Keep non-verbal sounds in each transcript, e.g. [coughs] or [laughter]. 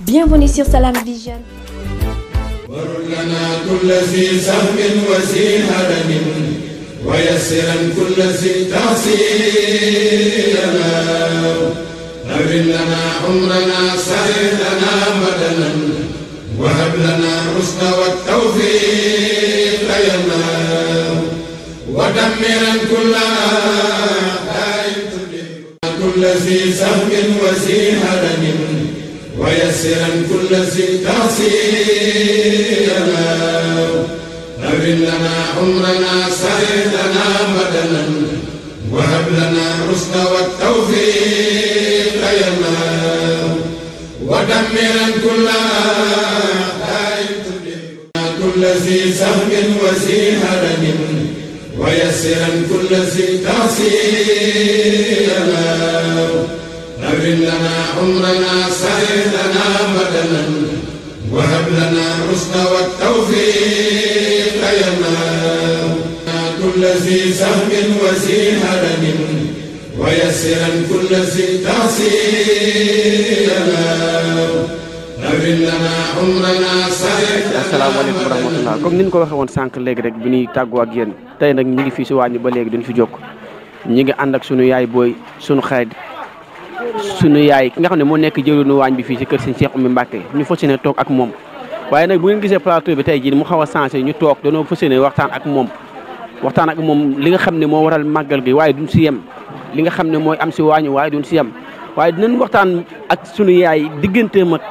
Bienvenue sur Salam Vision. warul lana kulla si sahmin wa si haramin wa yassiran kulla si tahsirana awin lana umrana sarif lana madanan wa hab lana rusda wa tawfiq lana wa dammiran kulla da'in kulla si sahmin wa si haramin ويسرا كل ذي تحصيل لو لنا عمرنا سعيدنا بدنا وهب لنا الرشد والتوفيق يا الله ودمرا كل كل ذي سهم وذي هرم ويسرا كل ذي تحصيل نول لنا عمرنا سهل لنا بدنا وهب لنا الرشد والتوفيق يا كل ذي سهم وذي هرم ويسرا كل ذي تعسير asalaamaaleykum wa rahmatulah comme ni ñu ko waxewoon woon sànq léegi rek bi ñuy tàggoo ak yéen tey nag ñu ngi fii si wàññi ba léegi duñ fi jokk ñu ngi ànd ak sunu yaay booy sunu xarit sunu yaay ki nga xam ne moo nekk jëwriñu waañ bi fii ci kër sëñ Cheikh Oumy Mbacké ñu fas yéene toog ak moom waaye nag bu gisee plateau bi tey jii mu xaw a changé ñu toog dañoo waxtaan ak moom waxtaan ak moom li nga xam ne moo waral màggal gi waaye duñ si yem li nga xam ne mooy am si waañu waaye duñ si yem waaye dinañ waxtaan ak sunu yaay digganteem ak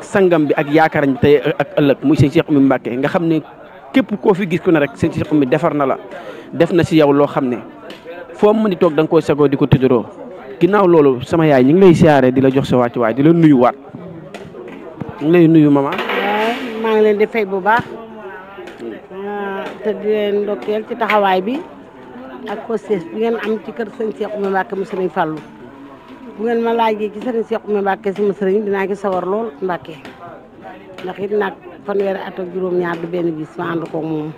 sangam bi ak yaakaarañ bi tey ak ëllëg muy sëñ Cheikh Oumy Mbacké nga xam ne képp koo fi gis ku ne rek sëñ Cheikh Oumy defar na la def na si yow loo xam ne foo mën di toog da nga koy di ko tuddoo ginnaaw loolu sama yaay ñu ngi lay siyaare di la jox sa wàccuwaay di la nuyu ñu ngi lay nuyu mama maa ngi leen di fay bu baax ah, te di ndokkeel ci taxawaay bi ak postes bi ngeen am ci kër sëñ Cheikh Oumy Mbacké mu sëriñ Fallou bu ngeen ma laajee ci sëriñ Cheikh Oumy Mbacké sama sëriñ dinaa ci sawar lool Mbacké ndax it nag fanweeri at ak juróom-ñaar du benn bis ma ànd ko moom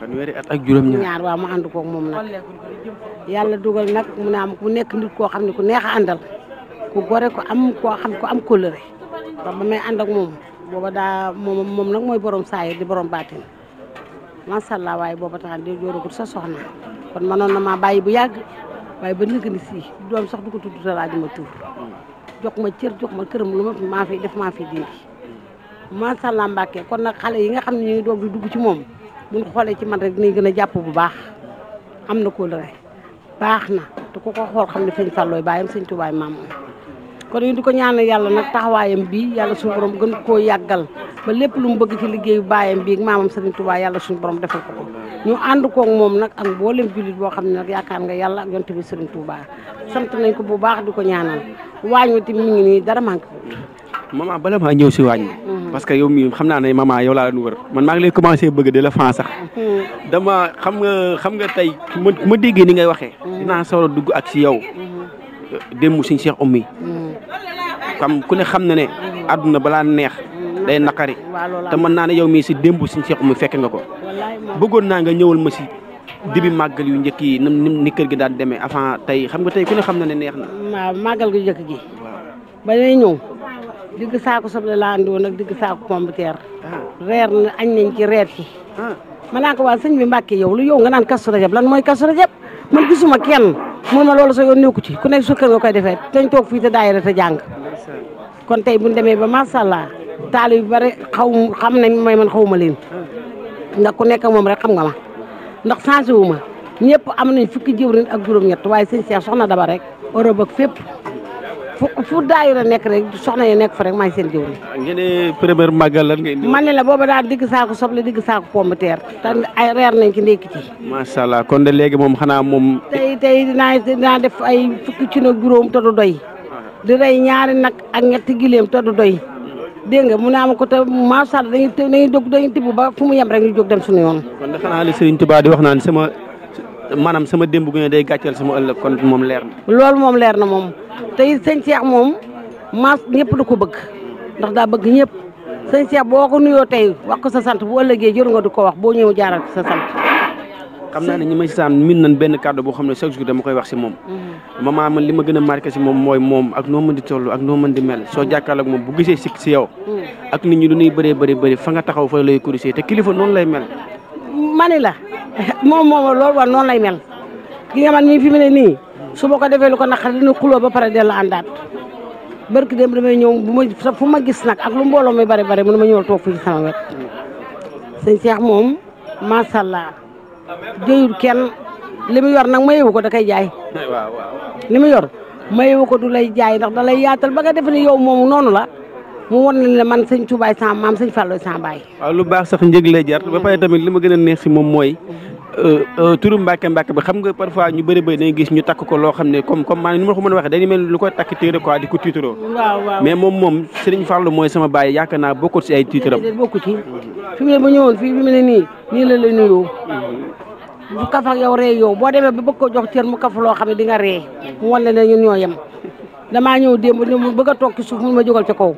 fanweeri at ak juróom-ñaar ñaar waaw ma ànd koog moom nag yàlla dugal nag mu naam ku nekk nit koo xam ne ku neex a àndal ku gore ko am koo xam ko am kóllëre ba ba may ànd ak moom booba daa moom moom nag mooy borom saa yi di borom baatin macha allah waaye booba tax di jóoragul sa na kon mënoon na maa bàyyi bu yàgg waaye ba nëgg ni sii doom sax du ko tudd te laaj ma tur jok ma cër jox ma kër lu ma maa fi def maa fi dindi macha allah kon nag xale yi nga xam ne ñu ngi doog di dugg ci moom buñ xoolee ci man rek dinañ gën a jàpp bu baax am na ko kóllëre baax na te ku ko xool xam ne sëñ Fallooy baayam sëñ Tubaay maam kon ñu di ko ñaanal yàlla nag taxawaayam bii yàlla suñu borom gën koo yàggal ba lépp lu mu bëgg ci liggéey liggéeyu baayam bi ak maamam sëriñ Tubaay yàlla suñu borom defal ko ko ñu ànd koog moom nag ak mboolem jullit boo xam ne nag yaakaar nga yàlla ak yonte bi sëriñ Tuubaa sant nañ ko bu baax di ko ñaanal waañ wa tamit mi ngi nii dara manqué wut maman bala si waañ parce que yow mi xam naa ne maman yow laa doon wër man maa ngi lay commencé bëgg di la fan sax. dama xam nga xam nga tey ma ma déggee ni ngay waxee. dinaa soor a dugg ak si yow. démb suñu Cheikh Oumy. comme ku ne xam na ne. àdduna balaa neex. day naqari. te mën naa ne yow mii si démb suñu Cheikh Oumy fekk nga ko. bëggoon naa nga ñëwal ma si. dibi màggal yu njëkk yi ni kër gi daan demee avant tey xam nga tey ku ne xam na ne neex na. waaw màggal gu njëkk gi. ba ñëw. digg saako soble laa andi woon ak digg saako pombiteer ah. reer na añ nañ ci reer ci ah. ma naa ko waa sëñ bi Mbàkke yow lu yow nga naan kasu jab lan mooy kasu rajab man gisuma kenn mun ma loolu sa yoon nekku ci ku nekk sukkër nga koy defee dañ toog fii te daayira te jàng kon tey buñ demee ba masàllaa taali bi bare xaw xam nañ may man xawuma leen ah. ndax ku nekk moom rek xam nga ma ndax changé wu ma ñëpp am nañ fukki jëwrin ak juróom-ñett waaye sëñ Cheikh soxna Daba rek Europe ak fu daayira nekk rek soxna yi nekk fa rek maay seen jëwriñ. Ah, ngeen ne première màggal lan nga indi. man ne la booba daal digg saako soble digg saako pomme de terre ay reer nañ ci ndekki ci. macha kon de léegi moom xanaa moom. tey tey dinaa dinaa def ay fukki cino juróom te du doy. di rey ñaari nag ak ñetti gileem te du doy. dégg nga mun naa ma ko te macha allah dañuy dañuy dog dañuy tibb ba fu mu yem rek ñu jóg dem suñu yoon. maanaam sama démb bu ne day gàcceel sama ëllëg kon moom leer na. loolu moom leer na moom tey sëñ Cheikh moom maas ñëpp du ko bëgg ndax daa bëgg ñëpp sëñ Cheikh boo ko nuyoo tey wax ko sa sant bu ëllëgee jëru nga du ko wax boo ñëw jaaral ko sa sant. xam naa ne ñi may saan min nañ benn kàddu boo xam ne chaque jour dama koy wax si moom mm-hmm. ma man li ma gën a marqué si moom mooy moom ak noo mën di toll ak noo mën di mel soo jàkkaarloog moom bu gisee sikk si yow mm-hmm. ak nit ñi du ñuy bëree bëri bëri fa nga taxaw fa lay te kilifa noonu lay mel mani la moom moom loolu war noonu lay mel gi nga man mii fi mu ne nii su ma ko defee lu ko naqar dina xuloo ba pare dellu àndaat barki dem damay ñëw bu ma fu ma gis nag ak lu mbooloo muy bari bari mu ne ma ñëwal toog fii sama wet sëñ moom macha allah jëyul kenn li mu yor nag mayewu ko da koy jaay li mu yor mayewu ko du lay jaay ndax da lay yaatal ba nga def ni yow moom noonu la mu won la man sëñ Touba sama maam sëñ Fallou sama baay. waaw lu baax sax njëg lay jar ba pare tamit li ma gën a neex si moom mooy. Euh, euh, turu mbàkke mbàkke bi xam nga parfois ñu bëri bëri gis ñu takk ko loo xam ne comme comme maanaam ni ma ko a waxee dañu mel lu koy takk téere quoi di ko tiitaroo moom moom Serigne Fallou mooy sama baay yaakaar naa bokkul si ay tiitaram bokku ci fi mu ne ba ñëwoon fii fi ne nii nii la la nuyoo bu kaf yow ree yow boo demee ba bëgg ko jox cër mu kaf loo xam ne di nga ree mu wan la ne damaa ñëw démb ñu bëgg a toog ci suuf mun ma jógal ci kaw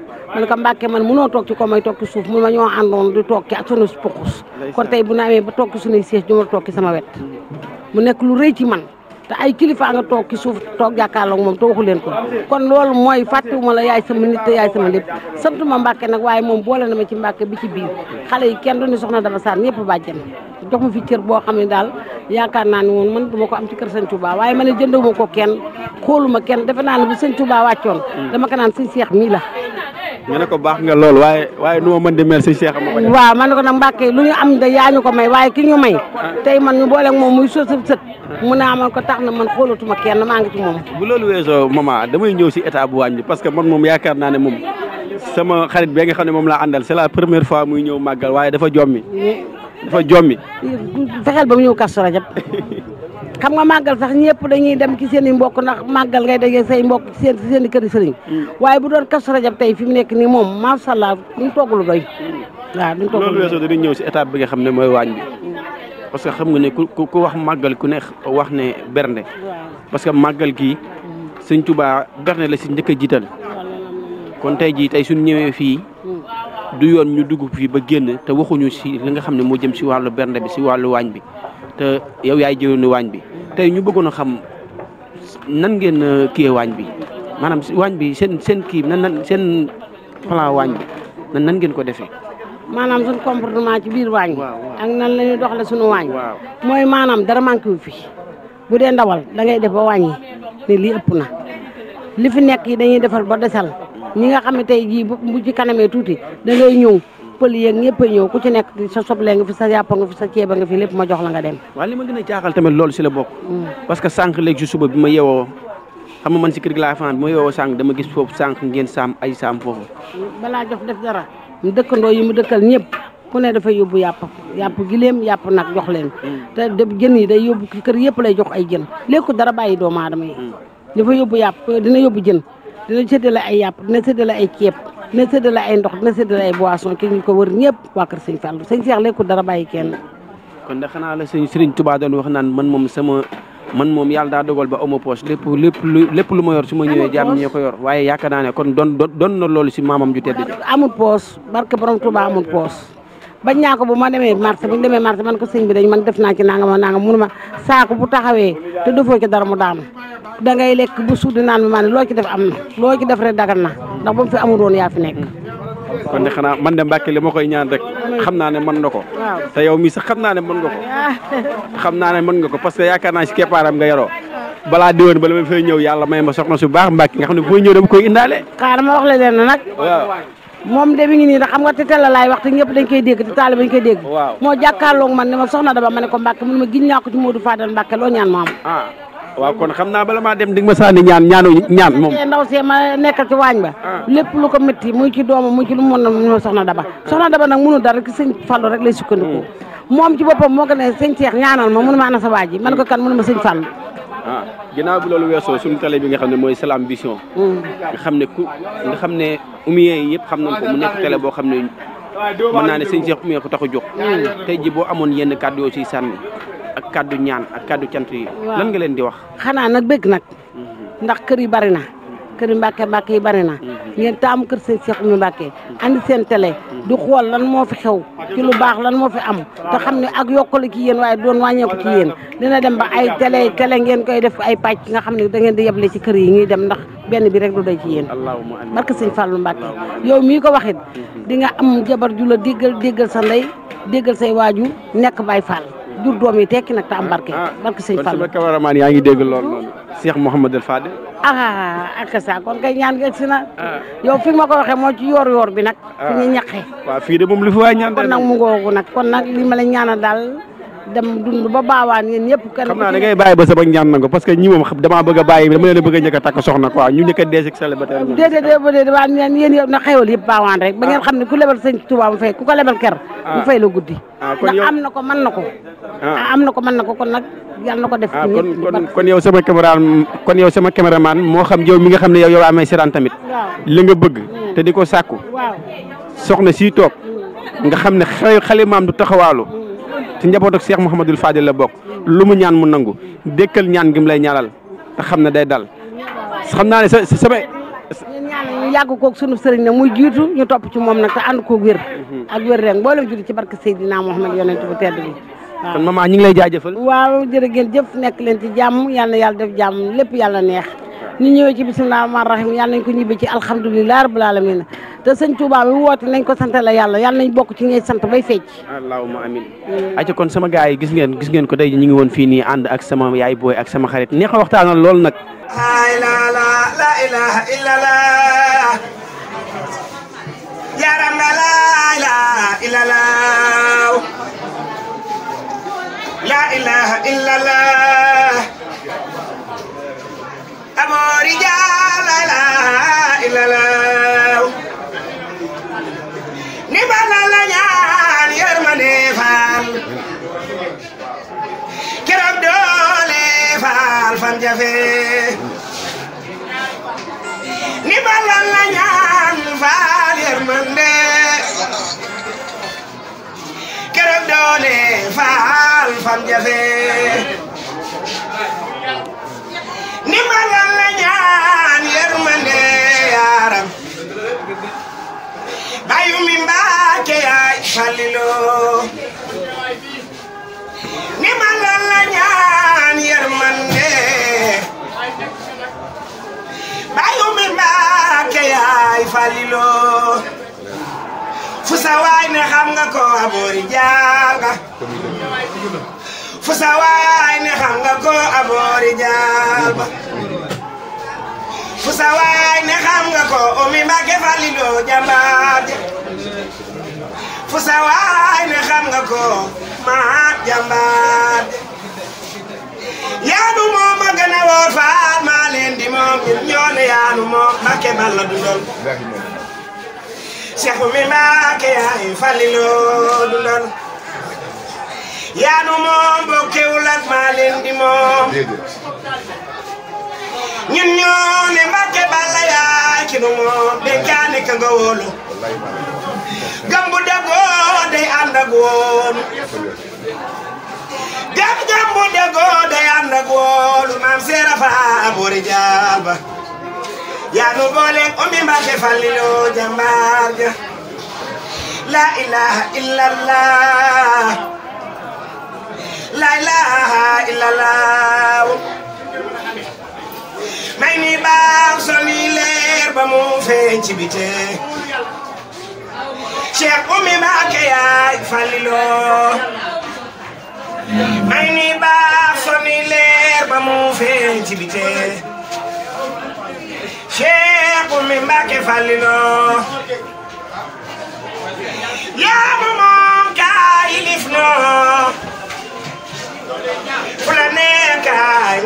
man ko man munoo toog ci kaw may toog ci suuf mun ma ñoo àndoon di toog ci ak sunu pukus kon tey bu ñu ba toog ci sunuy siège du ma toog ci sama wet mu nekk lu rëy ci man te ay kilifa nga toog ki suuf toog jàkkaarloog moom te waxu leen ko kon loolu mooy fàttewuma la yaay sama nit te yaay sama lépp sant mbàkke nag waaye moom boole na ma ci mbàkke bi ci biir xale yi kenn du ni soxna Daba Sarr ñëpp bàjjen jox ma fi cër boo xam ne daal yaakaar naa woon man duma ko am ci kër sëñ Touba waaye ma ne jëndewuma ko kenn xooluma kenn defe naa ne bu sëñ Touba wàccoon dama ko naan sëñ Seex mii la nga ne ko baax nga lool waaye ma mën di ma ko waaw man ne ko nag Mbàkke lu ñu am de yaa ñu ko may waaye na man xoolatuma kenn maa ngi ci moom. bu loolu weesoo maman damay ñëw si état bu waañ bi parce que man moom yaakaar naa ne moom sama xarit bee nga xam ne moom laa àndal c'est la fois muy ñëw màggal waaye dafa jommi. dafa jommi. fexeel ba mu ñëw Kazu Rajab xam nga màggal sax ñëpp dañuy dem ci seen i mbokk ndax màggal ngay daje say mbokk seen ci i kër sëriñ mm. waaye bu doon Kazu Rajab tey fi mu nekk nii moom macha allah duñ lu doy. waaw duñ togg doy si étape bi nga xam ne mooy waañ parce que xam nga ne ku ku wax màggal ku ne wax ne bernde. parce que màggal gi mm. sëñ Tuubaa bernde la si njëkk a jiital. kon tey jii tey suñu fii mm. du yoon ñu dugg fii ba génn te waxuñu si li nga xam ne moo jëm si wàllu bernde bi si wàllu waañ bi te yow yaay jëloon waañ bi tey ñu bëggoon xam nan ngeen uh, kii waañ bi maanaam si waañ bi seen seen kii nan nan seen plan waañ bi nan nan ngeen ko defee. maanaam suñu comportement ci biir waañ ak nan la ñuy doxalee suñu waañ mooy maanaam dara manqué wu fi bu dee ndawal da ngay def ba wàññi ne lii ëpp na li fi nekk yi dañuy defar ba desal ñi nga xam ne tey jii bu ci kanamee tuuti da ngay ñëw pël yeeg ñëpp a ñëw ku ci nekk sa soble nga fi sa yàpp nga fi sa ceeba nga fi lépp ma jox la nga dem waaw li ma gën a jaaxal tamit loolu si la bokk mm. parce que sànq léegi si suba bi ma yewoo xam nga man si kër gi laa fanaan bi ma yewoo sànq dama gis foofu sànq ngeen saam ay saam ñu dëkkandoo yi mu dëkkal ñëpp ku ne dafa yóbbu yàpp yàpp gileem yàpp nag jox leen mm. te de jën yi day yóbbu kër yëpp lay jox ay jën léegi dara bàyyi doomu aadama yi mm. dafa yóbbu yàpp dina yóbbu jën dina séddale ay yàpp dina séddale ay ceeb dina séddale ay ndox dina séddale ay boisson ki ñu ko wër ñëpp waa kër sëñ Fallou sëñ Cheikh léegi dara bàyyi kenn kon de xanaa la sëñ Serigne Touba doon wax naan man moom sama man moom yàlla daa dogal ba amoo poche lépp lépp lu lépp lu ma yor su ma ñëwee jaam ñee ko yor waaye yaakaar naane kon don don na loolu si maamam ju tedd ji amul poche barke borom Touba amul poche bañ naa ko bu ma demee marché bu demee marché man ko sëñ bi dañ man def naa ci nangam nangam mënu ma saako bu taxawee te defoo ci dara mu daanu da ngay lekk bu suudi naan bi maa ne loo ci def am na loo ci def rek dagan na ndax ba mu fi amul woon yaa fi nekk kon de xanaa man de Mbacke li ma koy ñaan rek xam naa ne man na ko te yow mii xam naa ne mën nga ko xam naa ne man nga ko parce que yaakaar naa si keppaaram nga yoroo balaa diwoon bala ma may ma soxna su baax Mbacke nga xam ne fooy ñëw dama koy ma wax la nag moom de mi ngi xam nga te teel a laay waxtu ñëpp dañ koy dégg te taali bañ koy dégg moo jàkkaarloog man ne ma soxna daba ma ne ko Mbacke mun ma giñ naa ko ci Modou Fadal Mbacke loo ñaan ma waaw kon xam naa bala maa dem di nga ma sànni ñaan ñaanu ñaan moom ndaw see ma nekkal ci waañ ba ah. lépp lu ko métti muy ci doomam muy ci lu mu mën na ñoo soxna daba ah. soxna daba nag mënu dara rek sëñ Fallou rek sukkandiku hmm. moom ci boppam moo gën a sëñ Cheikh ñaanal ma mënu ma sa waa ji man ko kan mënu ma sëñ Fallou ah ginnaaw bi loolu weesoo suñu télé bi nga xam ne mooy Salam Vision hmm. nga xam ne ku nga xam ne umiyee yi yëpp xam nañ ko mu nekk télé boo xam ne ma naa ne sëñ Cheikh umiyee ko tax a jóg hmm. tey ji boo amoon yenn kàddu yoo ciy sànni ak kàddu ñaan ak kàddu cant yi. lan nga leen di wax. xanaa nag bëgg nag. Mm-hmm. ndax kër yi bari na. kër yi Mbàkke Mbàkke yi bari na. Mm-hmm. ngeen taamu kër seen Seex Umi Mbàkke mm-hmm. andi seen tele du xool lan moo fi xew ci lu baax lan moo fi am te xam ne ak yokkale ci yéen waaye doon wàññeeku ci yéen dina dem ba ay télé télé ngeen koy def ay pàcc nga xam ne da ngeen di yeble ci kër yi ñuy dem ndax benn bi rek du doy ci yéen barke sëñ Fallou Mbàkke yow mii ko waxit di nga am jabar ju la déggal déggal sa ndey déggal say waaju nekk Baay Fall jur doom yi tekki nag te am barke. Ah, ah. barke sëñ Fall kon sama cameraman yaa ngi dégg lool noonu. Cheikh Mouhamadul Fadel. Ah, ah ak sa kon kay ñaan gi egsi na. fi ma ko waxee moo ci yoor-yoor bi nag. fi ñu ñaqee. waaw fii de moom lu fi waay ñaan kon nag mu ngoogu nag kon nag daal. dem dund ba baawaan yéen ñëpp. kenn xam naa ba sama ñaan nangu parce que ñi a dama leen a bëgg a njëkk na xewal yëpp baawaan rek. ba ngeen ah. xam ne ku lebal sëñ Tuubaa mu fay ku ko lebal ker. mu ah. fay la guddi. Ah, kon am na ko mën na ko. am na ko mën na ko kon nag yàlla na ko def. kon kon yow a caméra kon yow sama caméraman moo xam yow mi nga xam ne yow yow amee siraan tamit. li nga bëgg. te di ko sàkku. soxna si toog mm. nga xam ne xale maam du taxawaalu ci njaboot ak Cheikh Mouhamadul Fadil la bokk lu mu ñaan mu nangu dékkal ñaan gi mu lay ñaanal te xam ne day dal xam naa ne sa sa sama. ñun ñaan ñu yàgg koog sunu sëriñ nag muy jiitu ñu topp ci moom nag te ànd koog wér. Mhm. ak wér rek mboolem julli ci barke Seydina Mouhamed yonent bu tedd bi. waaw kon maman ñu ngi lay jaajëfal. waaw jërë ngeen jëf nekk leen ci jàmm yàlla na yàlla def jàmm lépp yàlla neex. ñu ñëwee ci bisimilah rahmaani rahim yàlla nañ ko ñibbi ci alhamdulilah rabbil alamin te sëñ Touba mi woote nañ ko sant la yàlla yàlla nañ bokk ci ngay sant bay fecc allahumma amin mm. aca kon sama gars yi gis ngeen gis ngeen ko tey ñu ngi woon fii nii ànd ak sama yaay booy ak sama xarit neex a waxtaanal lool nag la ilaha illallah yaram na la ilaha illallah la ilaha رجال لا إلا لو نبال لنيان يرمني فال كرب دولي فال فانجفي نبال لنيان فال يرمني كرب دولي فال فانجفي ni ma lan la ñaan yërmande yaaram bayu mi mbaake yaay falilu ni ma lan la ñaan yërmande bayu mi mbaake yaay falilu fu sa waay ne xam nga ko amoori jaaga fu waay ne xam nga ko aboori jaal ba fu waay ne xam nga ko Oumy Mbacké Falilu jàmbaar ja fu waay ne xam nga ko maa jàmbaar ja yaanu moom ma gën a woor maa leen di moom ñun ñoo ne yaanu moom Mbacké bal la dundal Cheikh Oumy Mbacké yaay Falilu dundal yaa nu moom bokkewul maa leen di moom ñun ñoo Balla yaa ci nu moom dénkaane ka nga wóolu gambu dagoo day ànd ak woon gam gambu dagoo day ànd ak woolu maam seera fa aboori jaaba yaa boole ummi Mbàkke Falliloo jàmbaar ja la illallah laa ilaaha illallah may ni baax soni leer ba mu feeñ ci bite Cheikh Oumy Mbacké yaay Fallilu may ni baax soni leer ba mu feeñ ci bite Cheikh Oumy Mbacké Fallilu yaa moom gaa noo fu la nekk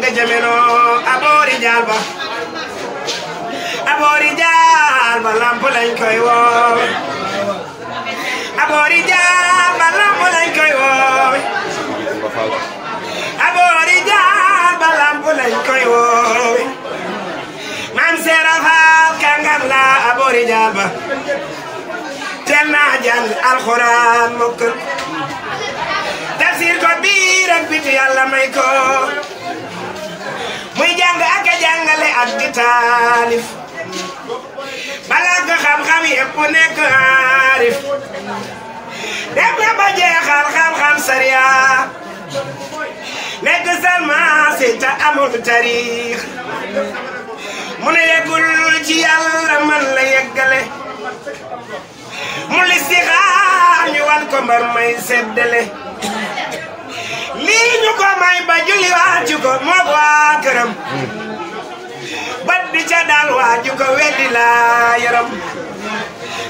nga jëmenoo aboori jaal ba aboori jaal koy woowe aboori jaal koy woowe aboori jaal ba la aboori jaal ba teel naa jàng alxuraan ko biiram biti yàlla may ko muy jàng ak a jàngale taalif balaa nga xam-xam yëpp nekk aarif dem na ba jeexal xam-xam sariya nekk salmaasi te amul tariix mu ne yeggul ci yàlla man la yeggale mu listixaar ñu wan ko mbar may seddale lii ñu ko may ba julli waat ci ko moog waa këram bat bi ca daal waa ju ko weddi laa yaram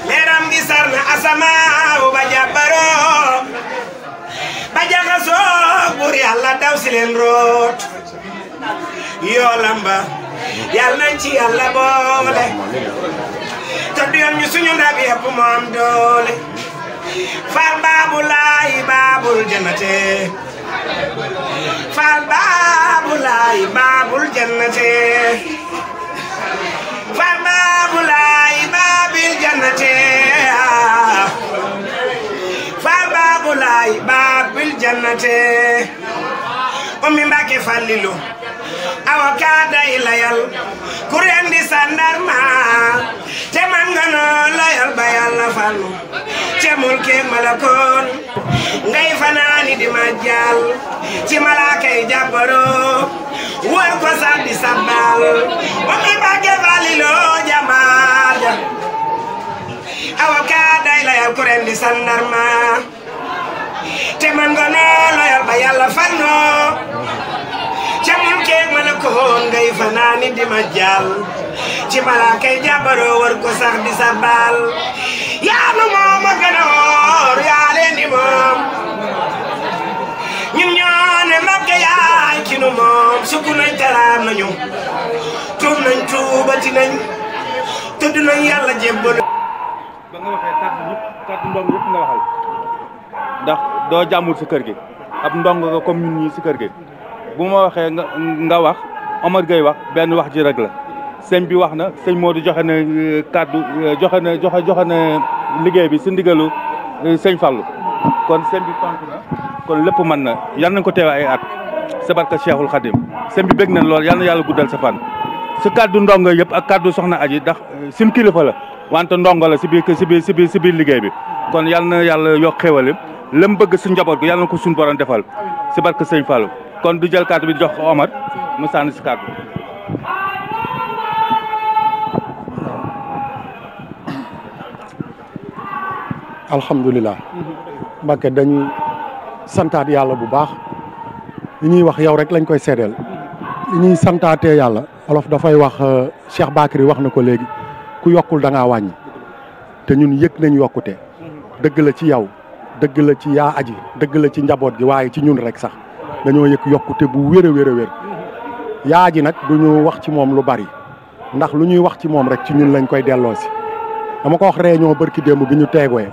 leeram gi sar na asamaaw ba jàbbaroo ba jaxasoo buur yàlla daw root yoolam ba yàlla ci yàlla boole te du yoon ñu suñu ndab yëpp moom doole fal baabu laay ummi Mbàkke Fallilu awa ka day layal ku rendi sandarma te nga noo layal ba Yàlla fallu te mulkeek malakoon ngay fanaani di majjal ci malaakay jàbbaroo wër ko sax di sabbal ummi Mbàkke Fallilu jamaal awa ka day layal ku rendi sandarma te man nga noo ba yàlla fal noo keeg ma ne ko woon ngay di ma jàll ci malaakay jàbbaroo war ko sax di sa yaa nu moom a gën a yaa leen moom ñun ñoo ne yaay ci nu moom sukk nañ talaam nañu tuub nañ tuubati nañ tudd nañ yàlla jébbalu ba nga ndax doo jàmbur si kër gi ab ndongo nga comme ñii si kër gi bu ma waxee nga wax Omar Gueye wax benn wax ji rek la sëñ bi wax na sëñ di joxe na euh, kàddu euh, joxe na joxe joxe na liggéey bi si ndigalu euh, sëñ Fallou kon sëñ bi tontu kon lépp mën na yal nañ ko teewe ay at sabarka Cheikhul Khadim sëñ bi bég nañ lool yal na yàlla guddal sa fan si kàddu ndongo yëpp ak kàddu soxna aji ndax sim kilifa la wante ndongo la si biir si biir si biir si biir liggéey bi kon yal na yàlla yokk xéwale lam bëgg suñ njaboot gi yàlla na ko suñ borom defal si barke sëñ Fallou kon du jël kàddu bi jox ko Omar mu sànni si kàddu alhamdulilah Mbacke dañuy santaat yàlla bu baax li ñuy wax yow rek lañ koy seedeel li ñuy santaatee yàlla olof dafay wax euh, Cheikh Bakri wax na ko léegi ku yokkul da ngaa wàññi te ñun yëg nañ yokkute dëgg la ci yow dëgg la ci yaa aji dëgg la ci njaboot gi waaye ci ñun rek sax dañoo yëg yokkute bu wér a wér yaa ji nag du ñu wax ci moom lu bari ndax lu ñuy wax ci moom rek ci ñun lañ koy delloo si dama ko wax réunion bërki démb bi ñu teegooyee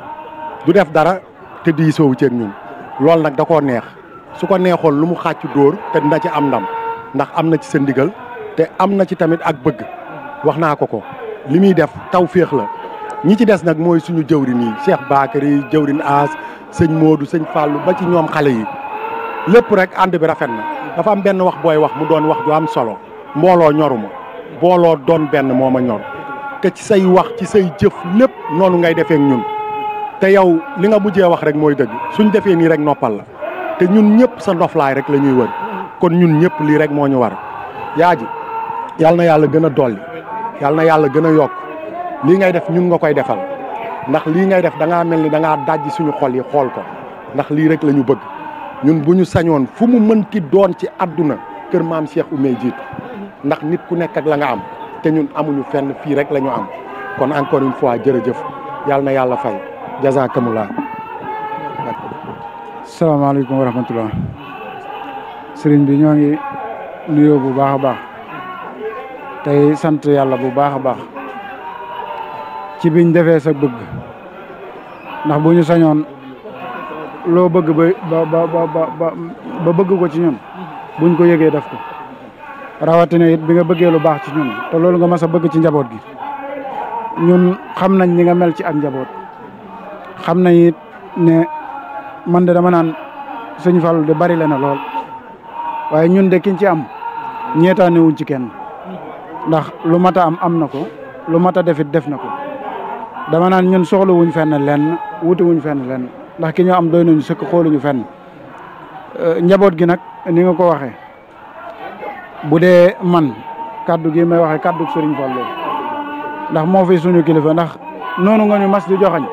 du def dara te diisoowu ceeg ñun loolu nag da koo neex su ko neexool lu mu xàcc dóor te na ci am ndam ndax am na ci sa ndigal te am na ci tamit ak bëgg wax naa ko ko li muy def taw féex la ñi ci des nag mooy suñu jëwrin yi Cheikh Bakary jëwrin As sëñ Modou sëñ Fallou ba ci ñoom xale yi lépp rek ànd bi rafet na dafa am benn wax booy wax mu doon wax ju am solo mbooloo ñoruma booloo doon benn moo ma ñor te ci say wax ci say jëf lépp noonu ngay defee ñun te yow li nga mujjee wax rek mooy dëgg suñ defee nii rek noppal la te ñun ñëpp sa ndoflaay rek la ñuy wër kon ñun ñëpp lii rek moo ñu war yaa ji yal na yàlla gën a dolli yal na yàlla gën a yokk lii ngay def ñun nga koy defal ndax lii ngay def da mel ni danga ngaa dajji suñu xol yi xool ko ndax lii rek lañu ñu bëgg ñun bu ñu sañoon fu mu mënti doon ci àdduna kër maam Cheikh Oumy jiit ndax nit ku nekk ak la nga am te ñun amuñu fenn fii rek lañu am kon encore une fois jërëjëf yàlla na yàlla fay jazakumullah salaamaaleykum wa rahmatullah sëriñ bi ñoo ngi nuyoo bu baax a baax tey sant yàlla bu baax a baax ci biñ defee sa bëgg ndax bu ñu sañoon loo bëgg ba ba ba bëgg ko ci ñun buñ ko yëgee def ko rawatina it bi nga bëggee lu baax ci ñun te loolu nga mas a bëgg ci njaboot gi ñun xam nañ ni nga mel ci ak njaboot xam nañ ne man de dama naan sëñ Fall de bari la na lool waaye ñun de kiñ ci am ñeetaane wuñ ci kenn ndax lu mat a am am na ko lu mat a defit def na ko dama naan ñun soxla wuñ fenn lenn wuti wuñ fenn lenn ndax ki ñu am doy nañu sëkk xooluñu fenn euh, njaboot gi nag ni nga ko waxee bu dee man kaddu gi may waxe kaddu Serigne Fallou ndax moo fi suñu kilifa ndax noonu nga ñu mas di joxañ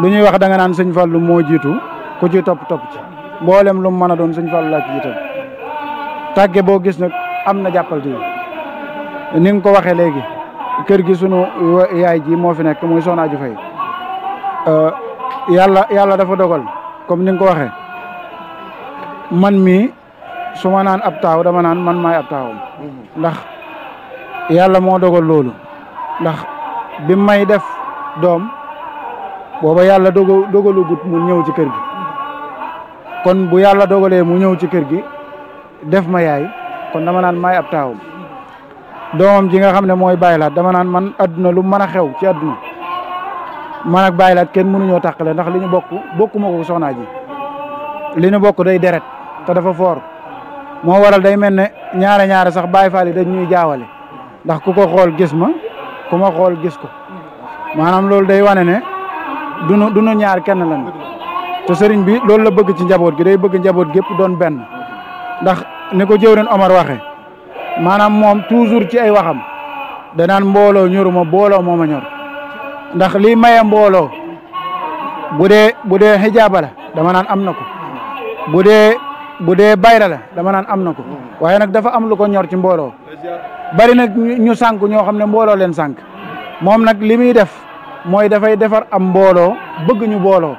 lu ñuy wax danga naan sëñ Fallou moo jiitu ku ci topp topp ci mboolem lu mën a doon sëñ Fallou laa ci jiital tàgge boo gis nag am na jàppal di ni ko waxee léegi. kër gi sunu yaay ji moo fi nekk muy Soxna fay Faye euh, yàlla yàlla dafa dogal comme ni nga ko waxee man mii su ma naan ab taaw dama naan man maay ab taawam mhm. ndax yàlla moo dogal loolu ndax bi may def doom booba yàlla dogal dogalu mu ñëw ci kër gi kon bu yàlla dogalee mu ñëw ci kër gi def ma yaay kon dama naan maay ab doomam ji nga xam ne mooy Baye Laat dama naan man adduna lu mën a xew ci adduna man ak kenn mënuñoo tàqale ndax li ñu bokk bokkuma ko soxnaa ji li ñu bokk day deret te dafa foor moo waral day mel ne ñaare ñaare sax Baye Fall yi dañ ñuy jaawale ndax ku ko xool gis ma ku ma xool gis ko maanaam loolu day wane ne dunu dunu ñaar kenn lañ te sëriñ bi loolu la bëgg ci njaboot gi day bëgg njaboot gépp doon benn ndax ni ko jëwrin Omar waxe maanaam moom toujours ci ay waxam danaan mbooloo ñoruma booloo moo ma ñor ndax lii maye mbooloo bu dee bu dee xijaaba dama naan am na ko bu dee bu dee bayra la dama naan am na ko waaye nag dafa am lu ko ñor ci mbooloo bari nag ñu sànq ñoo xam ne mbooloo leen sànq moom nag li muy def mooy dafay defar am mbooloo bëgg ñu mbooloo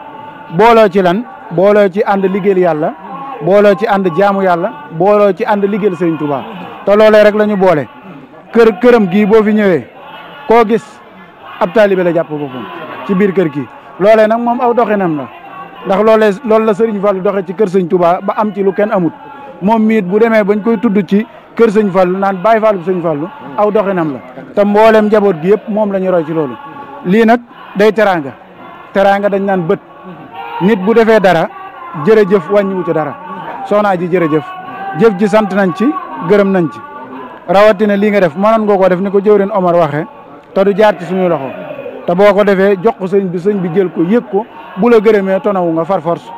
booloo ci lan booloo ci ànd liggéeyal yàlla booloo ci ànd jaamu yàlla booloo ci ànd liggéeyal Sëriñ Tuubaa te loolee rek la boole kër këram gii boo fi ñëwee koo gis ab taalibe la jàpp boppam ci biir kër gi loole nag moom aw doxinam la ndax loole loolu la sëriñ Fallou doxe ci kër sëñ Touba ba am ci lu kenn amut moom miit bu demee bañ koy tudd ci kër sëñ Fallou naan Baye Fallou sëñ Fallou aw doxinam la te mboolem njaboot gi yëpp moom la ñu roy ci loolu lii nag day teraanga teraanga dañ naan bët nit bu defee dara jërëjëf wàññiwu ci dara soxnaa ji jërëjëf jëf ji sant nañ ci gërëm nañ ci rawatina lii nga def mënoon ngoo ko def ni ko jëwrin Omar waxee te du jaar ci suñuy loxo te boo ko defee jox ko sëñ bi sëñ bi jël ko yëg ko bu la gërëmee tonawu nga far force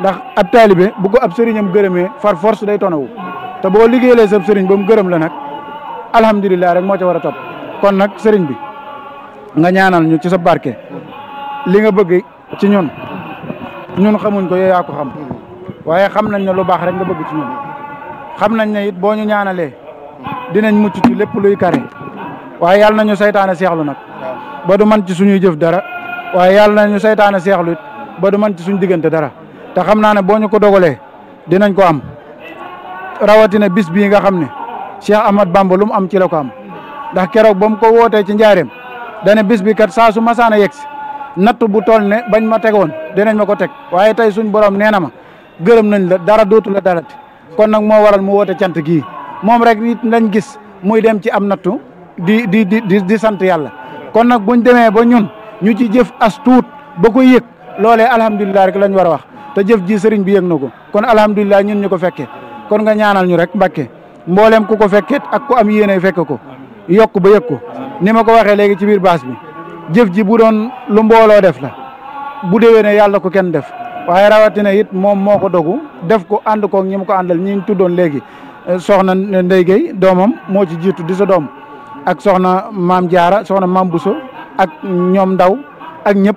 ndax ab taalibe bu ko ab sëriñam gërëmee far force day tonawu te boo liggéeyee sab sëriñ ba mu gërëm la nag alhamdulilah rek moo ca war a topp kon nag sëriñ bi nga ñaanal ñu ci sa barke li nga bëgg ci ñun ñun xamuñ ko yow yaa ko xam waaye xam nañ ne lu baax rek nga bëgg ci ñun xam nañ ne it boo ñu ñaanalee dinañ mucc lépp luy kare waaye yàlla nañu saytaane seexlu nag ba man ci suñuy jëf dara waaye yàlla nañu saytaane seexlu it ba du man ci suñ diggante dara te xam naa ne boo ñu ko dogalee dinañ ko am rawatina bis bii nga xam ne Cheikh amat Bamba lu mu am ci la ko am ndax keroog ba mu ko wootee ci njaareem dane bis bi kat saa su masaana yegg si natt bu toll ne bañ ma tegoon dinañ ma ko teg waaye tey suñ borom nee na ma gërëm nañ la dara dootu la dalati kon nag moo waral mu woote cant gii moom rek nit lañ gis muy dem ci am nattu di di di di sant yàlla kon nag buñ demee ba ñun ñu ci jëf as tuut ba ko yëg loolee alhamdulilah rek lañ war a wax te jëf ji sëriñ bi yëg na ko kon alhamdulilah ñun ñu ko fekkee kon nga ñaanal ñu rek mbàkke mboolem ku ko fekkee ak ku am yéene fekk ko yokk ba yëg ko ni ma ko waxee léegi ci biir baas bi jëf ji bu doon lu mbooloo def la bu déwénee yàlla ko kenn def waaye rawatina it moom moo ko dogu def ko ànd koog ñi ko àndal ñi ñu tuddoon léegi eh, soxna Ndeye Gueye doomam moo ci jiitu di sa doom ak soxna maam Diarra soxna maam Bousso ak ñoom ndaw ak ñëpp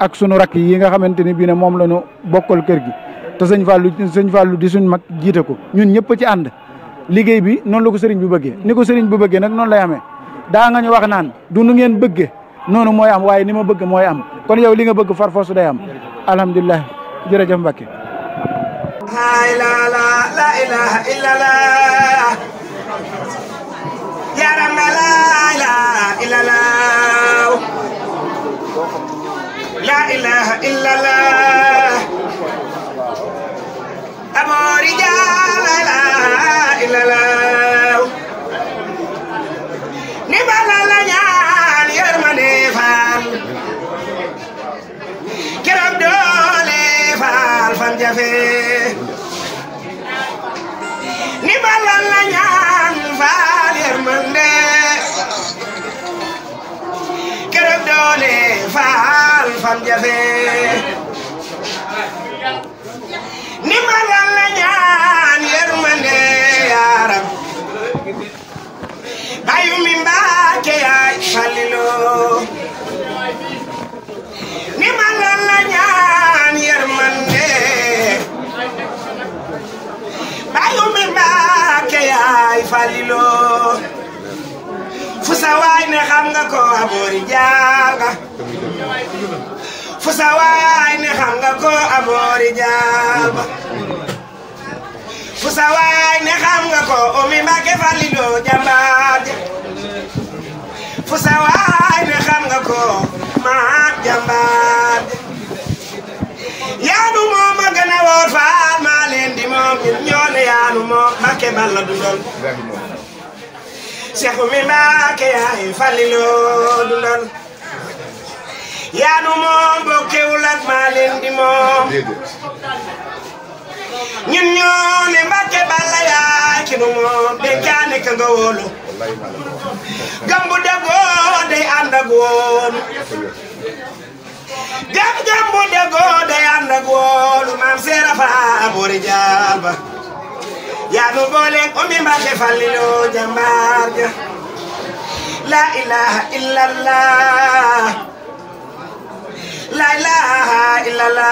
ak sunu rakk yi nga xamante ni bii ne moom la ñu bokkal kër gi te sëñ Fallou sëñ Fallou di suñ mag jiite ko ñun ñëpp ci ànd liggéey bi noonu la ko sëriñ bi bëggee ni ko sëriñ bi bëggee nag noonu lay amee daa nga ñu wax naan du nu ngeen bëgge noonu mooy am waaye ni ma bëgg mooy am kon yow li nga bëgg farfos day am alhamdulilah jërëjëf Mbacke la ilaha illallah yaram la ilaha illallah la ilaha illallah amori ja la ilaha illallah ni bala la ñaan yermane fan keram do faal fan jafe ni balal la ñaan faal yërmande këram doole faal fan jafe ni balal la ñaan yërmande yaaram bayu mi mbaake yaay falilo falilo fu sa waay ne xam nga ko aboori jaaga fu sa waay ne xam nga ko aboori jaaga fu sa waay ne xam nga ko omi Mbàkke falilo jàmbaar fu sawaay ne nga ko maa jàmbaar yaanu moom ma gën a maa leen di moom ñun ñoo ne yaanu moom Mbàkke Balla dundal Seexu mi Mbàkke yaay Falliloo dundal yaanu moom bokkewul ak maa leen di moom ñun ñoo ne Mbàkke Balla yaay nu moom dénkaane ka nga wóolu gam bu dëggoo day ànd ak gam gam bu dëggoo day ànd ak maam seera faa boori jaal yaa nu boole ummi Mbàkke Falilu jàmbaar ja la ilaha illallah la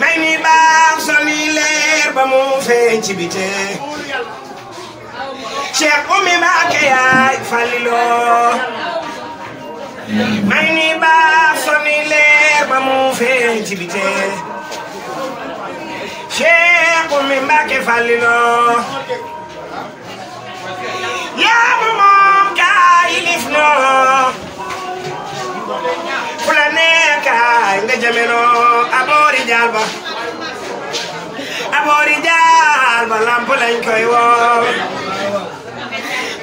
may ni baax soni leer ba mu feeñ ci bite Cheikh Oumy Mbacké yaay Fallilo may ni ba soni leer ba mu feeñ ci bite Cheikh Oumy Mbacké Fallilo yaa mu moom noo fu la nekkaay nga jëme noo aboori jaal ba aboori jaal ba lamp lañ koy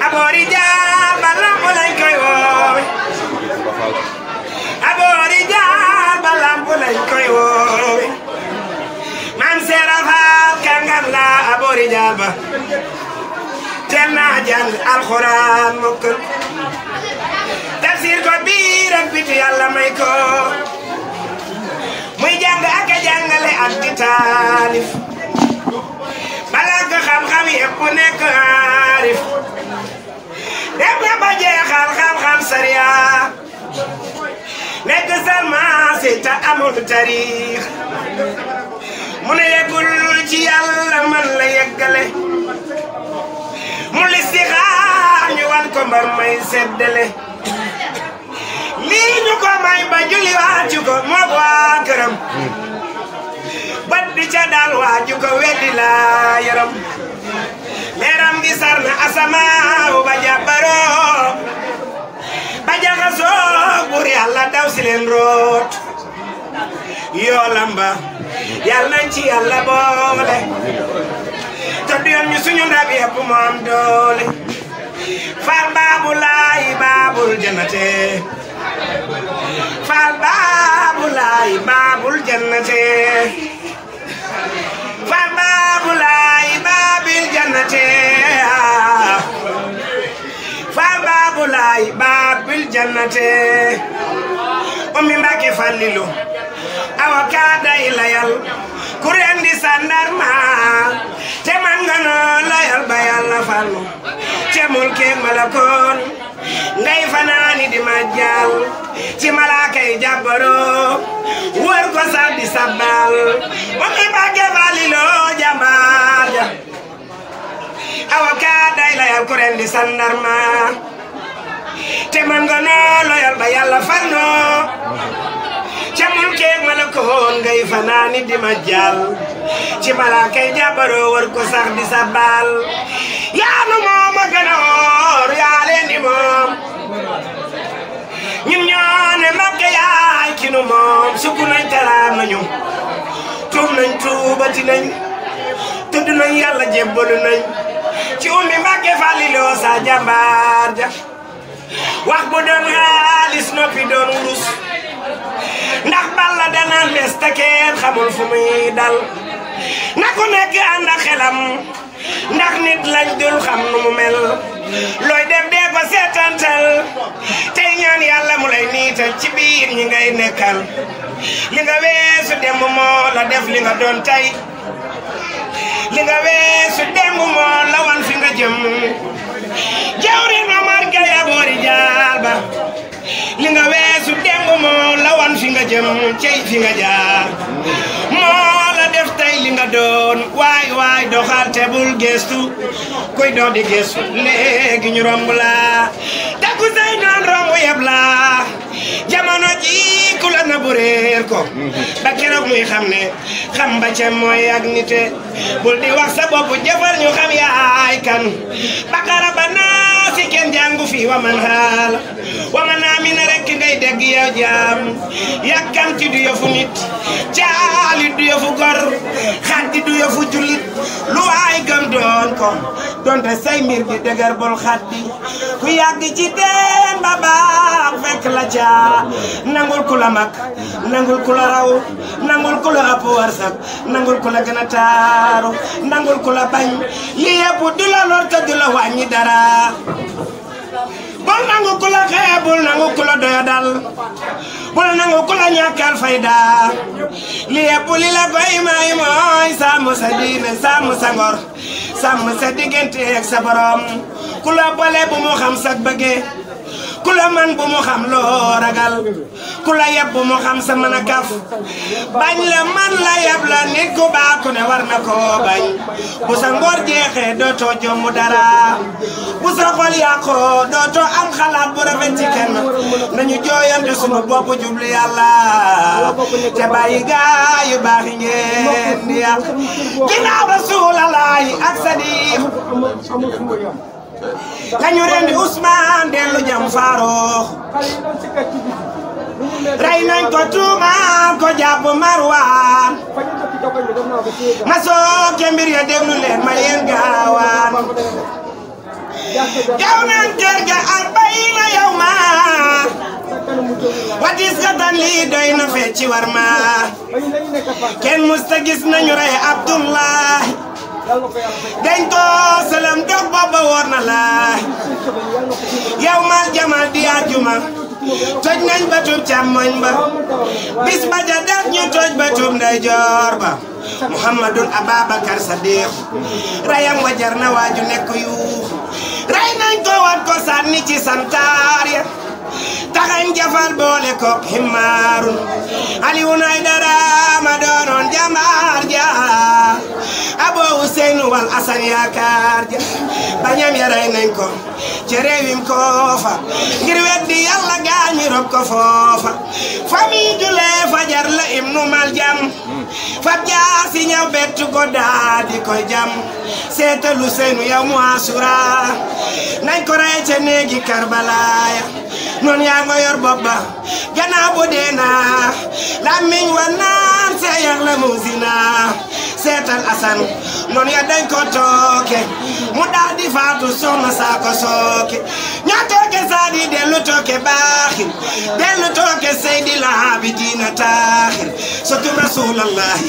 aboori jaal ba lamp lañ koy woowe aboori jaal ba lamp aboori jaal ba teel naa jàng alxuraan mokkal tafsir ko biiram bitu yàlla may ko muy jàng ak a jàngale ak di balaa nga xam-xam yëpp ku nekk aarif dem na ba jeexal xam-xam sariya nekk salmaasi te amul tariix mu ne yeggul ci yàlla man la yeggale mu listixaar ñu wan ko mbar may seddale lii ñu ko may ba julliwaat ci ko moo ko waa bët bi ca daal waaju ko weddi laa yaram leeram gi sar na asamaaw ba jàbbaroo ba jaxasoo buur yàlla daw si leen root yoolam ba yàlla nañ ci yàlla boole te du yoon ñu suñu ndab moom doole faal baabu laay baabul jannate faal baabu laay baabul jannate faal baabu laay baabil jannate faal baabu laay baabil jannate awa kaada i layal ku rendi sandarma te man nga noo layal ba Yàlla ca mulkeeg malakoon ngay fanaani di majjal ci malaakay jàbbaroo wër ko sax di sabbal moom i bàgge baliloo jàmbaar ja avocat day layal ku ren di sandarma te man nga noo loyal ba yàlla far ca mulkeeg malakoon ngay fanaani di ma jaal ci malaakay jàbbaroo war ko sax di sa baal yaa nu moom a gën di moom ñun ñoo ne yaay ki nu moom sukk nañ taraam nañu tuub nañ tuubati nañ tudd nañ yàlla jébbalu nañ ci ummi Màkke Falliloo sa jàmbaar ja wax bu doon xaalis noppi doon wurus ndax balla la bés te kenn xamul fu muy dal na ku dul xam nu mel looy def dee ko seetantal tey ñaan yàlla mu lay niital ci biir ñi ngay nekkal li nga weesu démb moo la def li nga doon tey li nga weesu démb moo la wan fi nga jëm jawrin Omar Gueye aboori jaal ba li nga weesu démb moo la wan fi nga jëm cey fi nga jaar moo la def li nga doon waay waay doxal te bul gestu kuy doon di gestu léegi ñu romb la takku say noon romb yeb la jamono ji ku la na bu réer ko ba keroog muy xam ne xam ba ca mooy ak nite bul di wax sa jëfal ñu xam yaay kan bakara ba naa fi kenn jàngu fi wa man xaala wa man ko donte say mbir ku yàgg ci teen ba baax fekk la caa nangul ku la mag nangul ku la raw nangul ku la ëpp wërsëg nangul ku la gën a taaru nangul ku la bañ li yëpp du la lor du la wàññi dara bul nangu ku la xee bul nangu ku la doyadal bul nangu ku la ñàkkal fayda li yëpp li la koy may mooy sàmm sa diine sàmm sa ngor sàmm sa diggante ak sa borom ku la boole bu mu xam sa bëggee ku la man bu mu xam loo ragal ku la yeb bu mu xam sa mën a kaf bañ la man la yeb la nit ku baax ku ne war na koo bañ bu sa jeexee dootoo jomb dara bu sa xol yàqoo dootoo am bu rafet ci kenn nañu jooyante sunu bopp jublu yàlla te bàyyi gaa baax yi ngeen di yàq ginnaaw ba ak sa kañu rendi Ousmane dellu jam faaroox rey ko tuumaan ko jàpp Marwaan ma sooke ya déglu leen ma gaawaan yow nan kër ga arbayiina yow maa watis ka tan lii doy na fecci war maa kenn musta gis nañu rey Abdullahi dañ ko sëlëm dog booba woor na la yow mal jamal di àjjuma toj nañ ba tub càmmoñ ba bis ba ja ñu toj ba tub ndeyjoor ba muhammadun ababakar sadiq rayam wajar na waaju nekk yu ray nañ ko wat ko sànni ci santaar ya taxañ jafal boole ko himmaarun Aliou nay doonoon jàmbaar ja Abo Useyn wal Asan yaakaar ja bañam yaray nañ ko ci koofa ngir weddi yàlla gaañi rob ko foofa famille julee fajar la ibnu jam fab jaar si bettu ko daa di koy jam seetalu seenu yow mu asura nañ ko rey ca néegi Karbala nun yaa ma yor bopp ba gannaaw bu dee naa làmmiñ wa naan seeyax la muusina seetal asan nun ya dañ tooke mu daal di faatu soxna saa sooke ñoo tooke saa dellu tooke baaxin dellu tooke seydi laabi diina taaxin sotum rasulallahi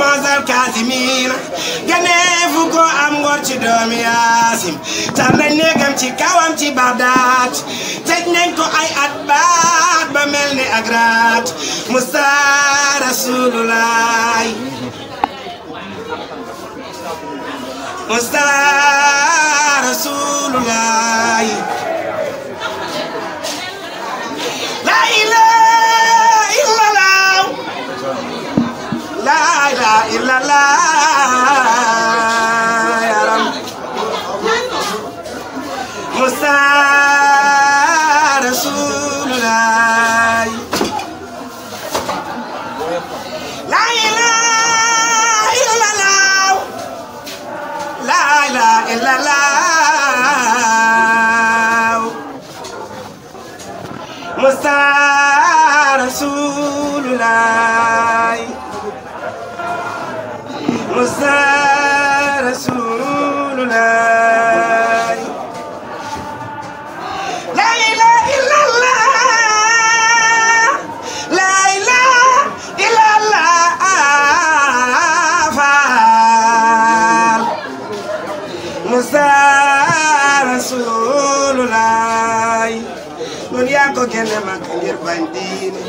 maasal kaasimiina ganeefu ko am ngor ci doomi yaasim tar neegam ci kawam ci bagdaat tej ko ay at baat ba mel ni ak raat Musa Rasulullah Musa La ilaha illallah La na ma ngir bañ diine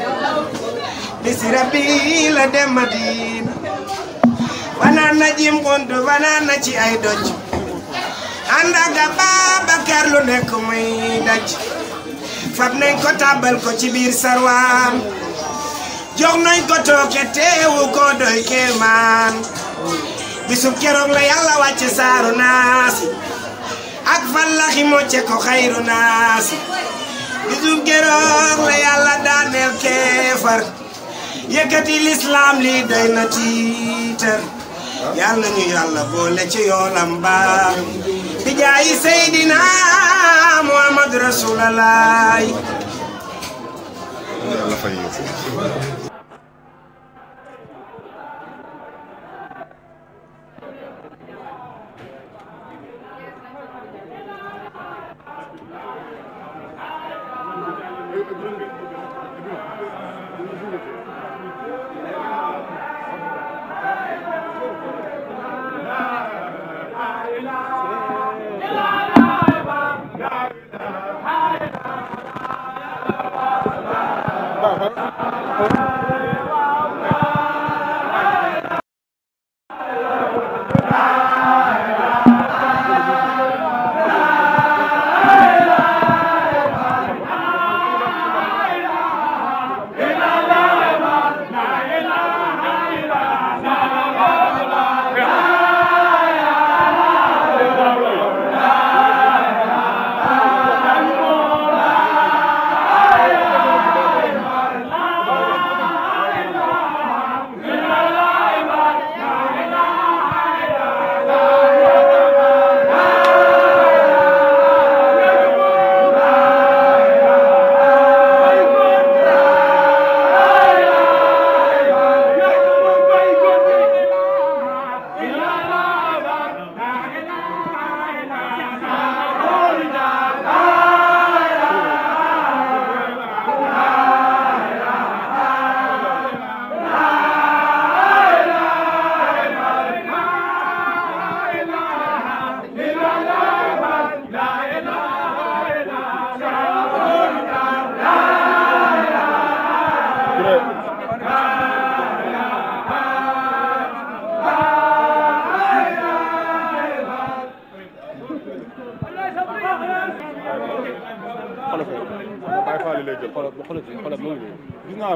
bisira la dem Madina fanaan na jim xuntu ci ay doj ànd ak Babacar lu nekk muy daj fab nañ ko ko ci biir sarwaan jox nañ ko tooke teewu ko doy kéemaan bisub keroog la yàlla wàcce saaru naasi ak fallaxi mocce ko xayru naasi bisum keroog la yàlla daaneel keefar yëkkati lislaam li day na tiitar yàlla ñu yàlla boole ci yoolam baam bi jaayi seydina muhammad rasulalaay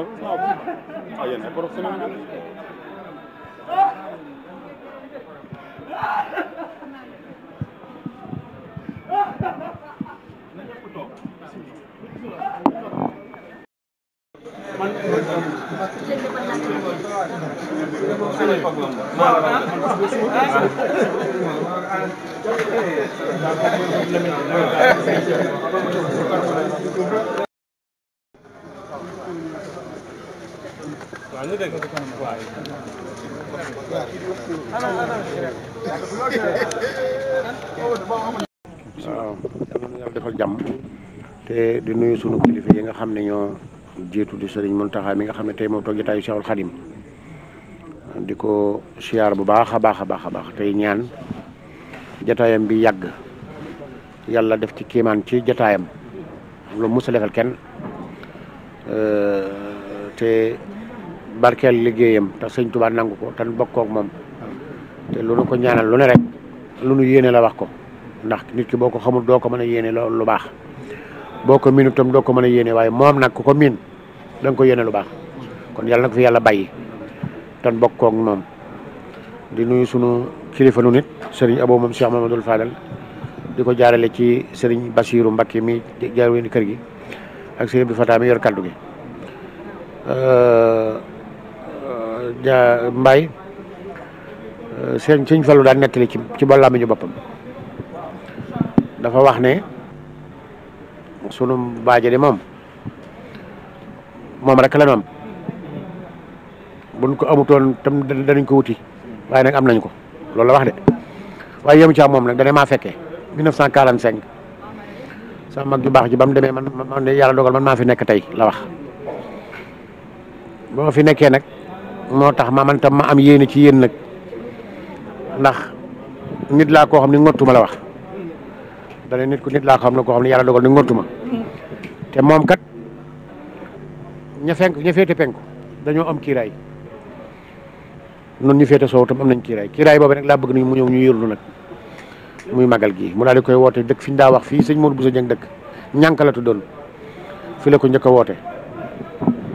Ousmane Ousmane ah yéen ay professionnel ngeen man sunu kilifa yi nga xam ne ñoo jiitu di sëriñ taxa mi nga xam ne tey moo toog jotaayu Seexul Xadim di ko siyaar bu baax a baax a baax a baax tey ñaan jotaayam bi yàgg yàlla def ci kiimaan ci jotaayam lu mus a defal kenn te barkeel liggéeyam te sëñ Tuubaa nangu ko te bokkook moom te lu nu ko ñaanal lu ne rek lu nu yéene la wax ko ndax nit ki boo ko xamul doo ko mën a yéene loolu lu baax boo ko miinu tam doo ko mën a yéene waaye moom nag ko ko miin da nga ko yéene lu baax kon yàlla na fi yàlla bàyyi tan bokkoo ak moom di nuyu sunu kilifa nu nit Serigne Abo moom Cheikh Mamadou Fadal di ko jaarale ci sëriñ Bassirou Mbacké mi jaar ween kër gi ak Serigne Abdou Fatah mi yor kaddu gi euh, ja Mbaye euh, ci ci ba boppam dafa wax ne sunu baaje di moom moom rek la noonu buñ ko amutoon tam danañ ko wuti waaye nag am nañ ko loolu la wax de waaye mu ci moom nag dana maa fekkee 1945 sama mag ju baax ji ba mu demee man man yàlla dogal man maa fi nekk tey la wax boo fi nekkee nag moo tax ma man tam ma am yéene ci yéen nag ndax nit laa koo xam ni ngottuma la wax dana nit ku nit laa xam ne ko xam ne yàlla dogal na ngortuma te moom kat ña fenk ña féete penku dañoo am kiiraay noonu ñu féete soow tam am nañ kiiraay kiiraay boobu nag laa bëgg nañ mu ñëw ñu yërlu nag muy magal gii mu daal di koy woote dëkk fi ñu daa wax fii sëñ Modou Bousso Dieng dëkk ñànk la tuddoon fi la ko njëkk woote